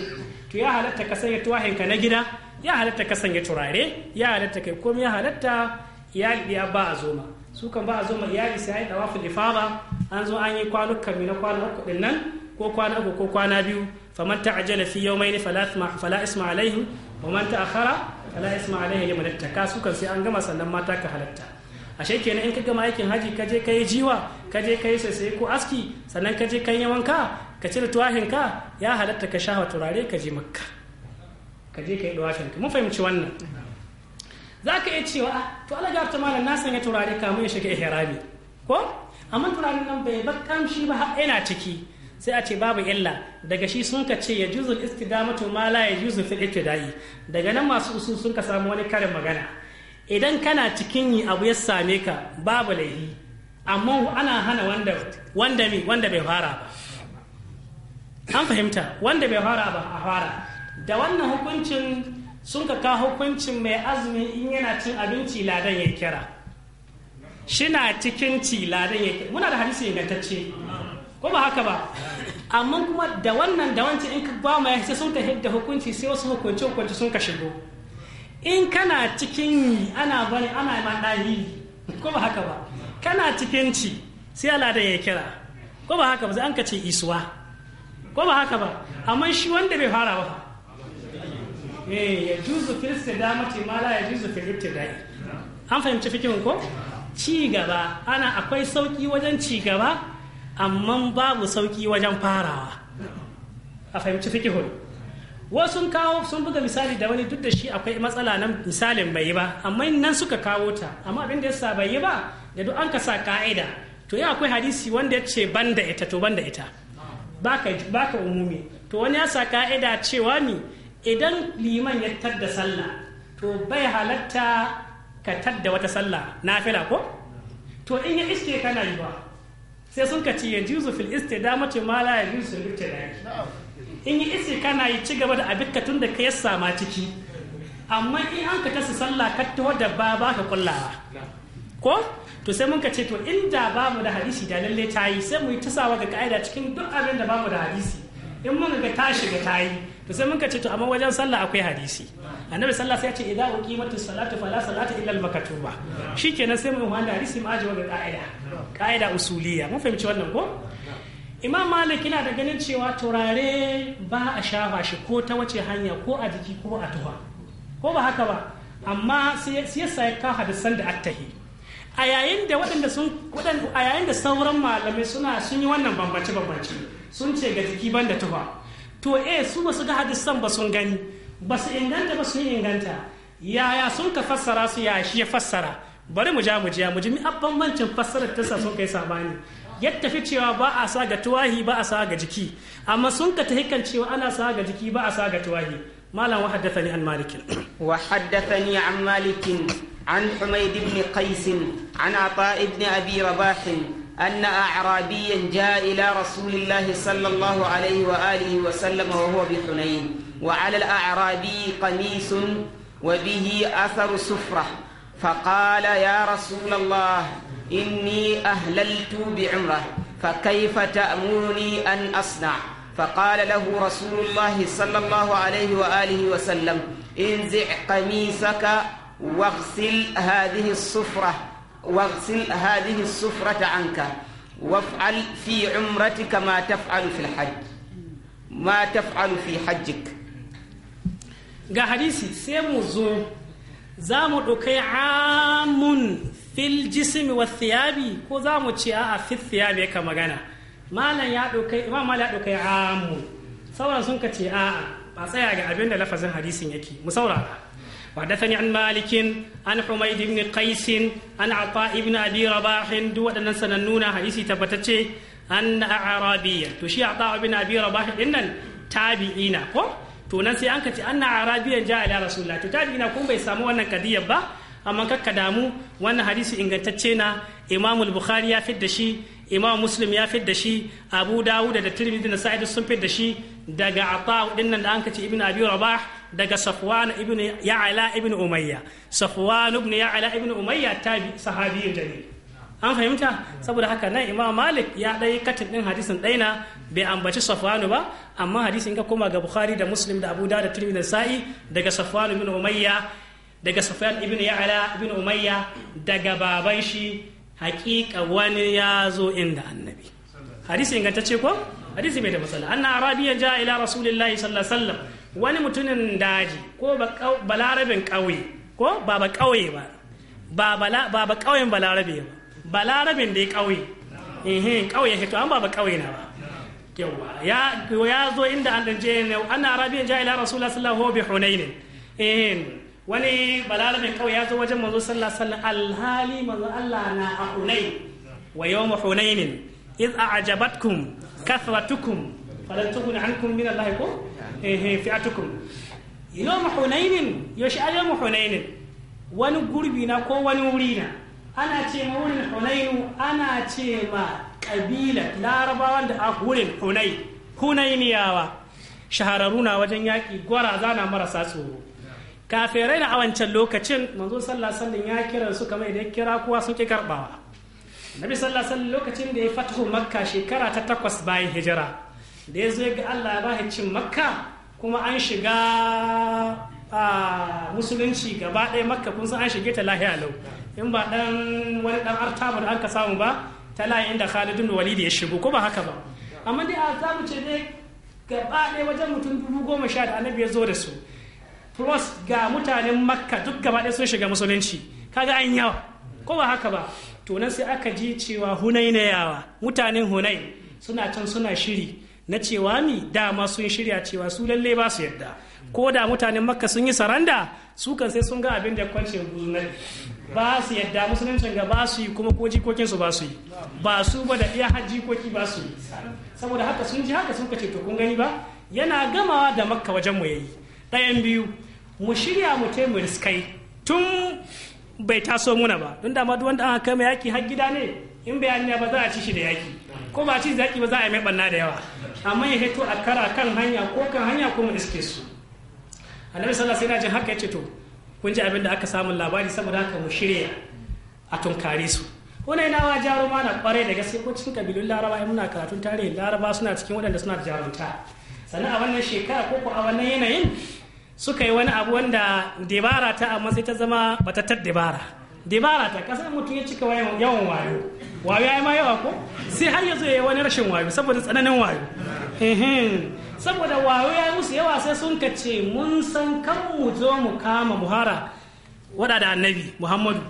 to ya halatta ka sanya tuwahinka na gida ya halatta ka sanya turare ya halatta kai komai ya halatta iyali ya ba a zoma su kan ba a zoma iyali sai yi dawaful ifada an zo an yi kwanukan mi na kwana uku din nan ko kwana uku ko kwana biyu faman ta'ajjala fi yawmayn fala fala isma alaihi wa man ta'akhara fala isma alaihi liman ittaka su kan sai an gama sanan mata ka halatta ashe kenan in ka gama aikin haji ka je kai jiwa ka je kai sai ko aski sannan ka je kan yawanka ka cire tuwahin ka ya halatta ka shafa turare ka ka je ka fahimci wannan za ka iya cewa to ala ta malam na sanya turare kamun ya shiga ihrami ko amma turaren nan bai bar kamshi ba har yana ciki sai a ce babu illa daga shi sun ka ce ya juzul istidamatu ma la ya juzul fil ibtida'i daga nan masu usul sun ka samu wani karin magana idan kana cikin yi abu ya same ka babu laihi amma ana hana wanda wanda mi wanda bai fara ba an fahimta wanda bai fara ba a fara da wannan hukuncin sun ka kawo hukuncin mai azumi in yana cin abinci ladan ya kira shina cikin ci ladan ya kira muna da hadisi ingantacce ko ba haka ba amma kuma da wannan da wancan in ka ba ma sai sun ta hidda hukunci sai wasu hukunci hukunci sun ka shigo in kana cikin ana bari ana ma ɗari ko ba haka ba kana cikin ci sai Allah da ya kira ko ba haka ba sai an ka ce isuwa ko ba haka ba amma shi wanda bai fara ba eh ya juzu filista da mace mala ya juzu filista da an fahimci fikihun ko ci gaba ana akwai sauki wajen ci gaba amma babu sauki wajen farawa a fahimci fikihun wasu kawo sun buga misali da wani duk da shi akwai matsala nan misalin bai yi ba amma nan suka kawo ta amma abin da yasa bai yi ba da duk an ka sa ka'ida to ya akwai hadisi wanda ya ce ban da ita to ban da ita baka baka umumi to wani ya sa ka'ida cewa ni idan liman ya tadda sallah to bai halatta ka tadda wata sallah nafila ko to in ya iske kana yi ba sai sun kaci yanzu ya juzu fil da mace ma la ya juzu na in yi isi kana yi ci gaba da abinka tun da ka yi sama ciki amma in an ka tasa sallah ka taho da ba ba ka kullawa ko to sai mun ka ce to inda ba mu da hadisi da lalle ta yi sai mu yi tasawa ga ka'ida cikin duk abin da ba mu da hadisi in mun ga ta shiga ta yi to sai muka ce to amma wajen sallah akwai hadisi annabi sallah sai ya ce idan uqimatu salatu fala salata illa al-maktuba kenan sai mu wanda hadisi ma ajewa ga ka'ida ka'ida usuliya mun fahimci wannan ko imam malik yana da ganin cewa turare ba a shafa shi ko ta wace hanya ko a jiki ko a tuha ko ba haka ba amma sai ya kawo hadisan da attahi a yayin da waɗanda sun a yayin da sauran malamai suna sun yi wannan bambance bambance sun ce ga jiki ban da tuha to eh su ba su ga hadisan ba sun gani ba su inganta ba sun inganta yaya sun ka fassara su ya shi ya fassara bari mu ja mu je mu ji mi bambancin fassarar ta sa sun kai sabani Yadda tafi cewa ba a sa ga tuwahi ba a sa ga jiki amma sun ka tahikan cewa ana sa ga jiki ba a sa ga tuwahi مالا an عن مالك وحدثني عن مالك عن حميد بن قيس عن عطاء بن أبي رباح أن أعرابيا جاء إلى رسول الله صلى الله عليه وآله وسلم وهو بحنين وعلى الأعرابي قميص وبه أثر سفرة فقال يا رسول الله إني أهللت بعمرة فكيف تأمرني أن أصنع فقال له رسول الله صلى الله عليه وآله وسلم انزع قميصك واغسل هذه الصفرة واغسل هذه السفرة عنك وافعل في عمرتك ما تفعل في الحج ما تفعل في حجك ga hadisi sai mu zo za mu ɗaukai amun fil jisimi wa thiyabi ko za mu ce a fil thiyabi ka magana malam ya ɗaukai imam ya amun sauran sun ka ce a'a ba tsaya ga abinda da lafazin hadisin yake mu وحدثني عن مالك عن حميد بن قيس عن عطاء بن أبي رباح دو أن سننونا حديثي تبتتشي أن أعرابيا تشي عطاء بن أبي رباح إن تابعين كو to nan sai an ka ce an na arabiyan ja ila rasulullah to tabi'ina kun bai samu wannan kadiyar ba amma kakka damu wannan hadisi ingantacce na imamul bukhari ya fidda shi imam muslim ya fi da shi abu dawud da tirmidhi da sa'id sun fi da shi daga ata dinnan da anka ce ibn abi rabah daga safwan ibn ya'la ibn umayya safwan ibn ya'la ibn umayya tabi sahabi jami an fahimta saboda haka nan imam malik ya dai katin din hadisin daina bai ambaci safwan ba amma hadisin ka koma ga bukhari da muslim da abu dawud da tirmidhi da sa'i daga safwan ibn umayya daga safwan ibn ya'la ibn umayya daga baban shi haƙiƙa wani ya zo inda annabi hadisi ingantacce ko hadisi bai da matsala anna arabiyan ja ila rasulillahi sallallahu alaihi wani mutumin daji ko balarabin ƙauye ko ba ba ƙauye ba ba ba ƙauyen balarabe ba balarabin da ya ƙauye ehin ƙauye to an ba ba ƙauye na ba yawa ya zo inda an danje ne anna arabiyan ja ila rasulullahi sallallahu alaihi wasallam bi hunainin ehin wani mai kawai ya zo wajen manzo sallallahu alaihi wasallam alhali manzo Allah na a hunai wa yawm hunainin iz a'jabatkum kathratukum falan tughni ankum min Allah ko eh, eh fi'atukum yawm hunainin yashi yawm hunainin wani gurbi na ko wani wuri na ana ce ma wurin hunainu ana ce ma kabila larabawan da a wurin hunai hunainiyawa shahararruna wajen yaƙi gwaraza na marasa tsoro kafirai da a wancan lokacin manzon sallah sallin ya kira su kamar da ya kira kowa sun ki karbawa bi sallah sallin lokacin da ya fatahu makka shekara ta takwas bayan hijira da ya zo ga Allah ya bashi cin makka kuma an shiga a musulunci gaba ɗaya makka kun san an shige ta lahiya lau in ba dan wani dan artaba da aka samu ba ta layi inda khalidun Walid ya shigo ko ba haka ba amma dai a zamu ce dai gaba ɗaya wajen mutum dubu goma sha da annabi ya zo da su plus ga mutanen makka duk gaba ɗaya sun shiga musulunci kaga an yawa ko ba haka ba to nan sai aka ji cewa hunai na yawa mutanen hunai suna can suna shiri na cewa mi dama sun shirya cewa su lalle ba su yadda ko da mutanen makka sun yi saranda su kan sai sun ga abin da kwance guzunar ba su yadda musuluncin ga ba su yi kuma ko jikokinsu su ba su yi ba su ba da iya har koki ba su yi saboda haka sun ji haka sun kace to kun gani ba yana gamawa da makka wajen mu yayi ɗayan biyu mu shirya mu te kai tun bai taso muna ba don dama duk wanda aka kama yaki har gida ne in bayani ba za a ci shi da yaki ko ba ci zaki ba za a yi mai banna da yawa amma ya heto a kara kan hanya ko kan hanya ko mu iske su annabi sallallahu alaihi wasallam haka yace to kun ji abin da aka samu labari saboda haka mu shirya a tunkare su wannan yana wa jaruma na kwarai da gaske ko cikin kabilun laraba in muna karatun tarihi laraba suna cikin waɗanda suna da jarumta sannan a wannan shekara ko ko a wannan yanayin suka yi wani abu wanda dabara ta amma sai ta zama batattar dabara dabara ta kasar mutum ya cika yawan wayo wayo ya yi ma yawa ko sai har ya ya yi wani rashin wayo saboda tsananin wayo saboda wayo ya yi musu yawa sai sun kace mun san kan mu zo mu kama muhara da annabi muhammadu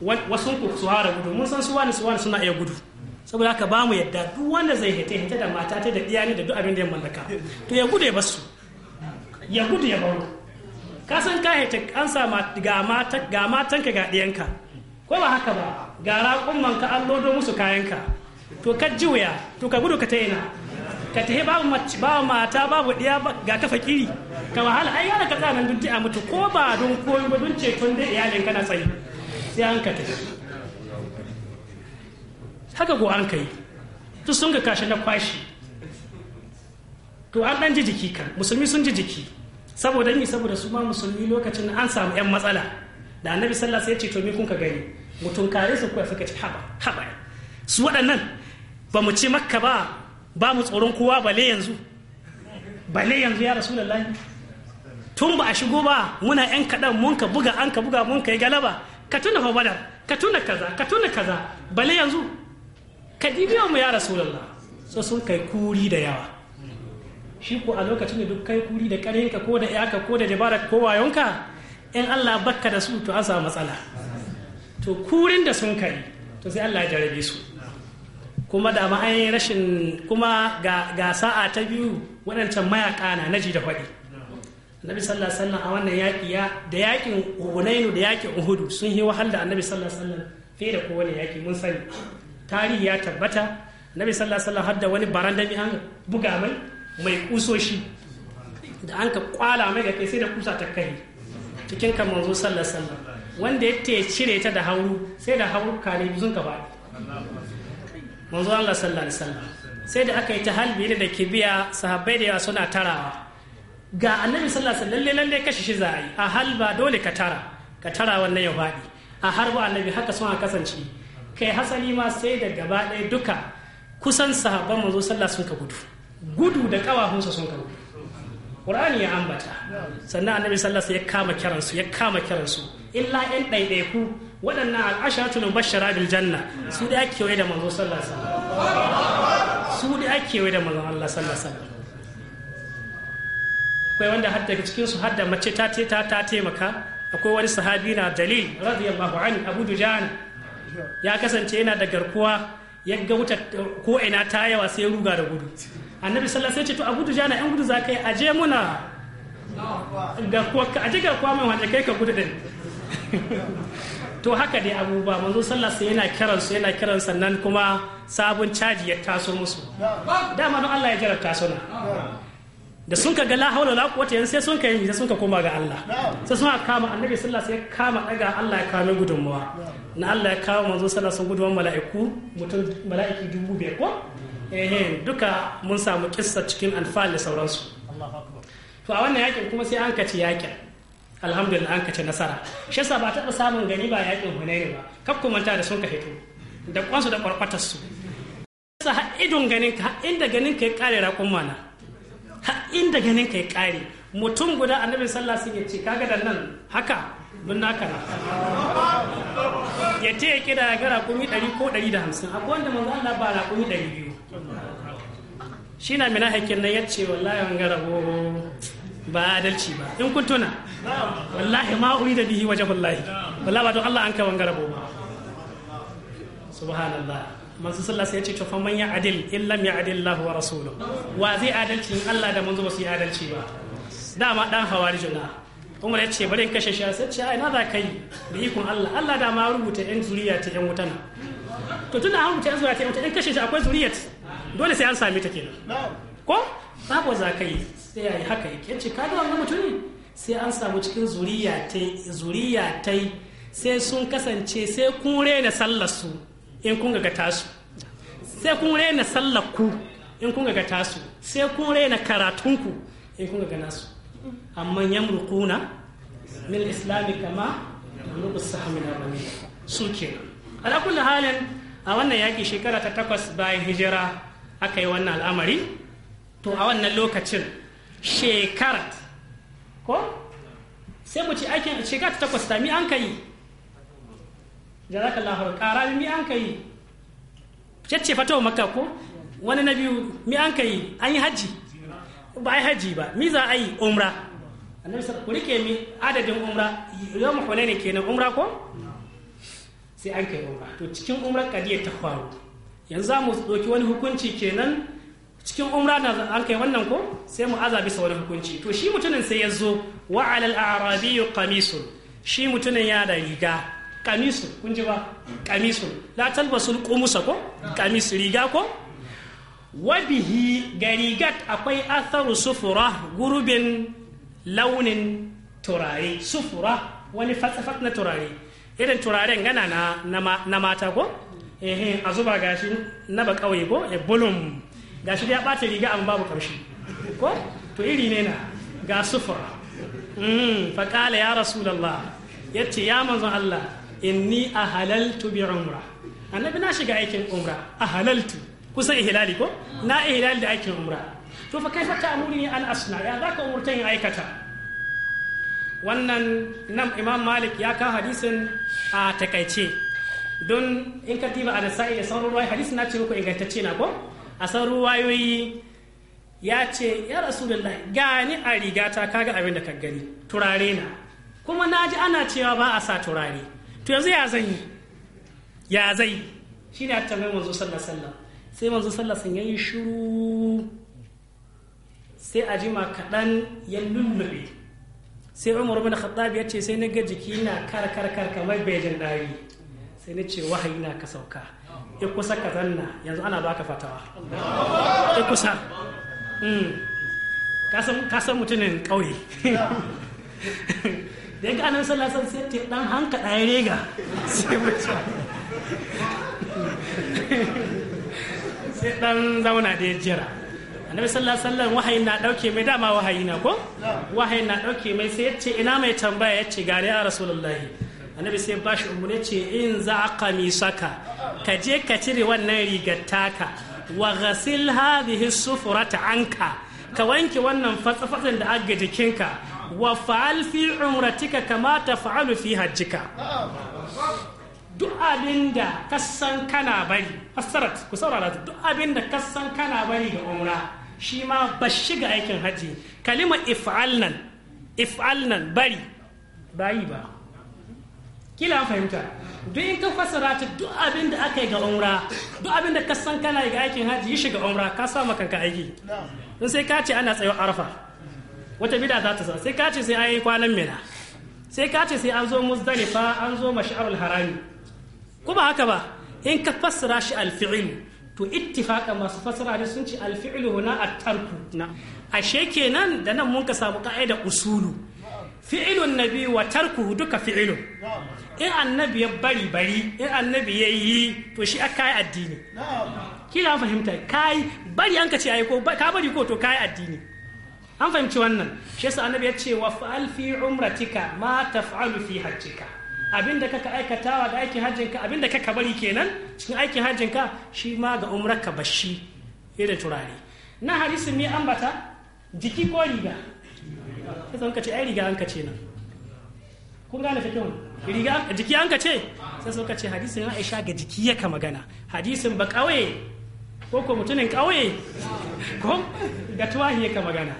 wasu ku su hara gudu mun san su wani su suna iya gudu saboda haka ba mu yadda duk wanda zai hita hita da mata ta da iyali da duk abin da ya mallaka to ya gudu ya basu ya gudu ya baro ka san kayayyata an sama ga matanka ga ɗiyanka ko ba haka ba ga ka an lodo musu kayanka to ka ji wuya to ka gudu ka ta ina ka tafi babu babu mata babu ɗiya ga kafa kiri ka wahala ai yana ka tsanan duk a mutu ko ba don koyi ba don ceton dai iyalin na tsayi sai an ka tafi haka ko an kai to sun ga kashi na kwashi to an ɗan ji jiki kan musulmi sun ji jiki saboda ni saboda su ma musulmi lokacin an samu yan matsala da annabi sallallahu alaihi wasallam ya ce to me kun gani mutun kare su kuwa suka ce haba haba su waɗannan ba mu ce makka ba ba mu tsoron kowa bale yanzu bale yanzu ya rasulullahi tun ba a shigo ba muna yan kaɗan mun ka buga an ka buga mun ka yi galaba ka tuna fa badar ka tuna kaza ka tuna kaza bale yanzu ka dibiya mu ya rasulullahi so sun kai kuri da yawa shi ko a lokacin da duk kai kuri da ka ko da iyaka ko da dabara ko wayonka in Allah bakka da su to an samu matsala to kurin da sun kai to sai Allah ya jarabe su kuma da ma an rashin kuma ga, ga sa'a ta biyu waɗancan mayaka na naji da faɗi annabi sallallahu alaihi wasallam a wannan yaki ya da yaƙin hunainu da yaƙin uhudu sun yi wahal da annabi sallallahu alaihi wasallam fiye da kowane yaƙi mun sani tarihi ya tabbata annabi sallallahu alaihi wasallam har da wani barandami an buga mai mai kusoshi da an ka kwala mai ga kai sai da kusa ta kai cikin kan manzo sallar sallar wanda ya ta cire ta da hauru sai da hauru kare sun ka faɗi manzo Allah sallar sallar sai da aka yi ta halbi da kibiya sahabbai da yawa suna tarawa ga annabi sallar sallar lalle lalle kashi shi za a yi a halba dole ka tara ka tara wannan ya faɗi a harba annabi haka suna kasance kai hasali ma sai da gaba ɗaya duka kusan sahabban manzo sallar sun ka gudu gudu da ƙawafinsa sun karu ƙur'ani ya ambata sannan annabi sallallahu ya kama kiransu ya kama kiransu illa ɗan ɗaiɗaiku waɗannan al'asharatul mubashshara bil janna su da ake waye da manzo sallallahu alaihi wasallam su da ake waye da manzo Allah sallallahu alaihi wasallam akwai wanda har daga cikin su har da mace ta ta ta taimaka akwai wani sahabi na dalil radiyallahu anhu abu dujan ya kasance yana da garkuwa ya ga wuta ko ina ta yawa sai ruga da gudu annabi sallallahu alaihi wasallam ya ce to gudu jana in gudu zakai aje muna ga ka aje ga kuwa mai wanda kai ka gudu din to haka dai abubuwa manzo sallallahu alaihi yana kiran su yana kiran sannan kuma sabon caji ya taso musu dama don Allah ya taso na da sun ka ga la haula la quwwata yan sai sun ka yi sun ka koma ga Allah sai sun kama annabi sallallahu alaihi wasallam kama daga Allah ya kama gudunmuwa na Allah ya kawo manzo sallallahu alaihi wasallam gudunmuwan mala'iku mutum mala'iki dubu biyar ko duka mun samu kissa cikin alfali sauransu to a wannan yakin kuma sai an kace yakin alhamdulillah an kace nasara shi yasa ba taɓa samun gani ba yakin hunaini ba kaf ku da sun ka hito da kwansu da kwarkwatar su sa ha idon ganin ka inda ganin ka ya kare raƙon mana ha inda ganin ka ya kare mutum guda annabi sallallahu alaihi wasallam ya ce kaga da nan haka don naka na ya ce ya kira ya ga raƙumi 100 ko 150 akwai wanda manzo Allah ba raƙumi 200 shi na mina haƙƙin na ya ce wallahi an garabo ba adalci ba in kun tuna wallahi ma uri da bihi wajen wallahi wallahi ba don Allah an kawan garabo ba subhanallah manzo sallah sai ya ce to fa ya adil illam ya adil Allah wa rasuluhu wa zai adalci in Allah da manzo ba su yi adalci ba dama dan hawari juna umar ya ce bari in kashe shi sai ce ai na za ka yi da ikon Allah Allah da ma rubuta yan zuriya ta yan wutan. to tun an rubuta yan zuriya ta yan wutan in kashe shi akwai zuriyat dole sai an sami ta kenan ko babu za ka yi sai ya yi haka ya ce ka ga mutum sai an samu cikin zuriya ta sai sun kasance sai kun rena sallar su in kun ga tasu sai kun rena sallar ku in kun ga tasu sai kun rena karatun ku in kun ga nasu amma yamruquna min islami kama yamruqu sahamin arami su ke ala kulli halin a wannan yaki shekara ta takwas bayan hijira aka yi wannan al'amari to a wannan lokacin shekara ko sai mu ci aikin shekara ta takwas ta mi an ka yi jazakallahu kara mi an ka yi cece wa makka ko wani na biyu mi an ka yi an yi hajji ba ai haji ba mi za a yi umra annabi sa ku rike mi adadin umra yau mu ne kenan umra ko sai an kai umra to cikin umra kadiyar ta faru yanzu za mu ɗauki wani hukunci kenan cikin umra na an wannan ko sai mu azabi sa wani hukunci to shi mutumin sai ya zo wa alal arabiyyu qamisun shi mutumin ya da riga qamisu kun ji ba qamisu la talbasul qumusa ko qamis riga ko wabihi ga rigat akwai atharu sufura gurbin launin turare sufura wani fatsafat na turare irin turaren gana na, mata ko eh a zuba gashi na ba kauye ko ya eh, bulum gashi da ya bace riga amma babu ƙarshe ko to iri ne na ga sufura mm, faƙala ya Allah. ya ce ya manzon Allah inni a halaltu bi umra annabi na shiga aikin umra a halaltu kusan ihlali ko na ihilali da aikin umra to fa kai fata amuri ne an asna ya za ka umurta yin aikata wannan nan imam malik ya kawo hadisin a takaice don in ka diba a sa'i da sauran ruwayoyi hadisi na ce muku ingantacce na ko a sauran ruwayoyi ya ce ya rasulullah gani a rigata kaga abin da ka gani turare na kuma na ji ana cewa ba a sa turare to yanzu ya zan yi ya zai shi ne a mai manzo sallallahu sallam sai manzo sallallahu yayi shiru sai a jima kaɗan ya lullube sai umar bin khattab ya ce sai na ga jiki na karkar kamar bejin dari sai na ce wahayi na ka sauka ya kusa ka zanna yanzu ana baka fatawa ya kusa mm. ka san mutumin ƙauye da ya ganin nan sai ta dan hanka ɗaya rega sai mace sai dan zauna da ya jira annabi sallallahu alaihi wasallam wahayi na dauke mai dama wahayi na ko wahayi na dauke mai sai ya ce ina mai tambaya ya ce gare ya rasulullahi annabi sai ba shi umarni ce in za ka misaka ka je ka cire wannan rigar taka wa ghasil hadhihi sufurata anka ka wanke wannan fatsafatsan da aga jikinka wa fa'al fi umratika kama taf'alu fi hajjika duk abin da kasan kana bari fassarat ku saurara duk da kasan kana bari ga umra shi ma ba shiga aikin hajji kalima if'al nan if'al nan bari bayi ba kila an fahimta duk in ka fasara ta duk abin da aka yi ga umra duk abin da ka san kana yi ga aikin haji yi ga umra ka sa maka kanka aiki don sai ka ce ana tsayo arfa wata bida za ta sa sai ka ce sai an yi kwanan mina sai ka ce sai an zo muzdalifa an zo mashi'arul harami ko haka ba in ka fasara shi alfi'il to ittifaqa masu fasara da sun ce alfi'il huna at-tarku na ashe kenan da nan mun ka samu ka'ida usulu fi'ilun nabi wa tarkuhu duka fi'ilun in annabi ya bari bari in annabi ya yi to shi aka yi addini kila an fahimta kai bari an ka ce ayi ko ka bari ko to kai addini an fahimci wannan shi yasa annabi ya ce wa fa'al fi umratika ma taf'alu fi hajjika abinda kaka aikatawa ga aikin hajjinka abinda kaka bari kenan cikin aikin hajjinka shi ma ga umrarka bashi irin turare na hadisin ne ambata jiki ko riga sai sun kace ai riga an kace nan kun gane fikin riga jiki an kace sai sun ce hadisin Aisha ga jiki yaka magana hadisin ba kauye ko ko mutumin kauye ko ga tuwahi yaka magana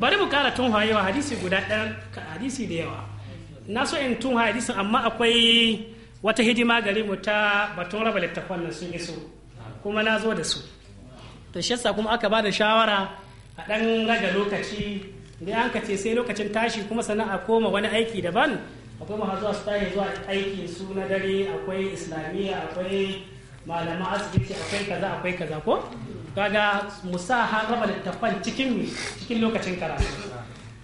bari mu kara tun hayewa hadisi guda ɗan hadisi da yawa na so in tun hadisin amma akwai wata hidima gare mu ta batun raba littafan nan sun iso kuma na zo da su to shi kuma aka ba da shawara a ɗan raga lokaci dai an ka ce sai lokacin tashi kuma sana'a koma wani aiki daban akwai masu zuwa su tashi zuwa aiki su na dare akwai islamiyya akwai malama asibiti akwai kaza akwai kaza ko kaga musaha raba littafan cikin cikin lokacin karatu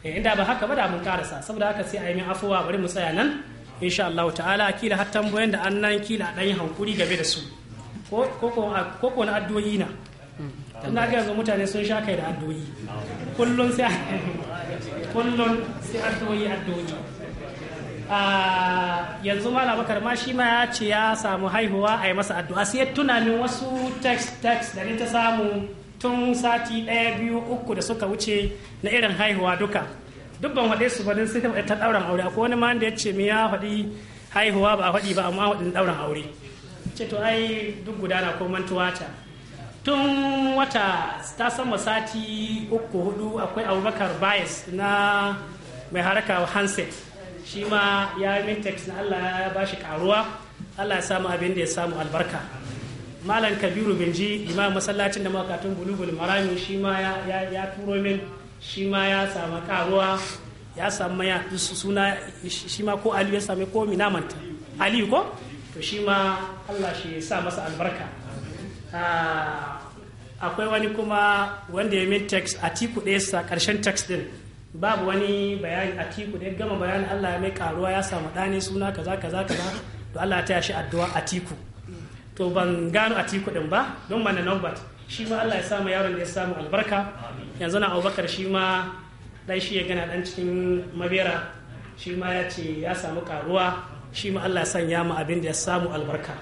eh, inda ba haka ba da mun karasa saboda haka sai a min afuwa bari mu tsaya nan insha Allah ta'ala kila har tambayoyin da annan kila dan yi hankuri game da su ko ko na addu'o'i na na ga yanzu mutane sun sha kai da addu'o'i kullum sai kullum sai addu'o'i addu'o'i ah, yanzu bakar ma shi ma ya ce ya samu haihuwa a yi masa addu'a sai ya tuna min wasu text text da ni ta samu tun sati ɗaya biyu uku da suka wuce na irin haihuwa duka duk ban faɗe su faɗin sai ta ɗauran aure akwai wani ma da ya ce mi ya faɗi haihuwa ba a faɗi ba amma faɗin ɗauran aure ce to ai duk gudana ko mantuwa ta tun wata ta sama sati uku hudu akwai abubakar bias na mai haraka hanset shi ma ya yi text na allah ya ba shi karuwa allah ya samu abin da ya samu albarka malam kabiru binji imam masallacin da makatun bulubul marami shi ma ya turo min shi ma ya samu karuwa ya samu ya suna shi ma ko aliyu ya sami ko minamanta aliyu ko to shi ma allah shi ya sa masa albarka ah, akwai wani kuma wanda ya min text a tiku ɗaya sa ƙarshen text din babu wani bayani a tiku ɗaya gama bayanin Allah ya mai karuwa ya samu ɗani suna kaza kaza kaza to Allah ta shi addu'a a tiku to ban gano a tiku ɗin ba don mana number shi ma Allah ya samu yaron da ya samu albarka yanzu na Abubakar shi ma dan shi ya gana dan cikin mabera shi ma ya ce ya samu karuwa shi ma Allah ya sanya ma abin da ya samu albarka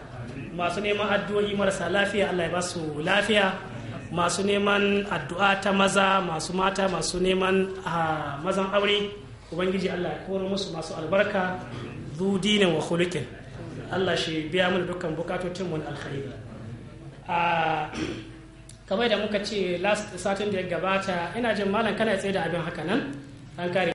masu neman addu'o'i marasa lafiya Allah ya ba su lafiya masu neman addu'a ta maza masu mata masu neman ah, mazan aure ubangiji allah ya koro musu masu albarka zu dinin wa hulukin. allah shi biya mana dukkan bukatotin mun alkhairi ah, kamar da muka ce last satin da ya gabata ina jin malam kana tsaye da abin haka nan an kare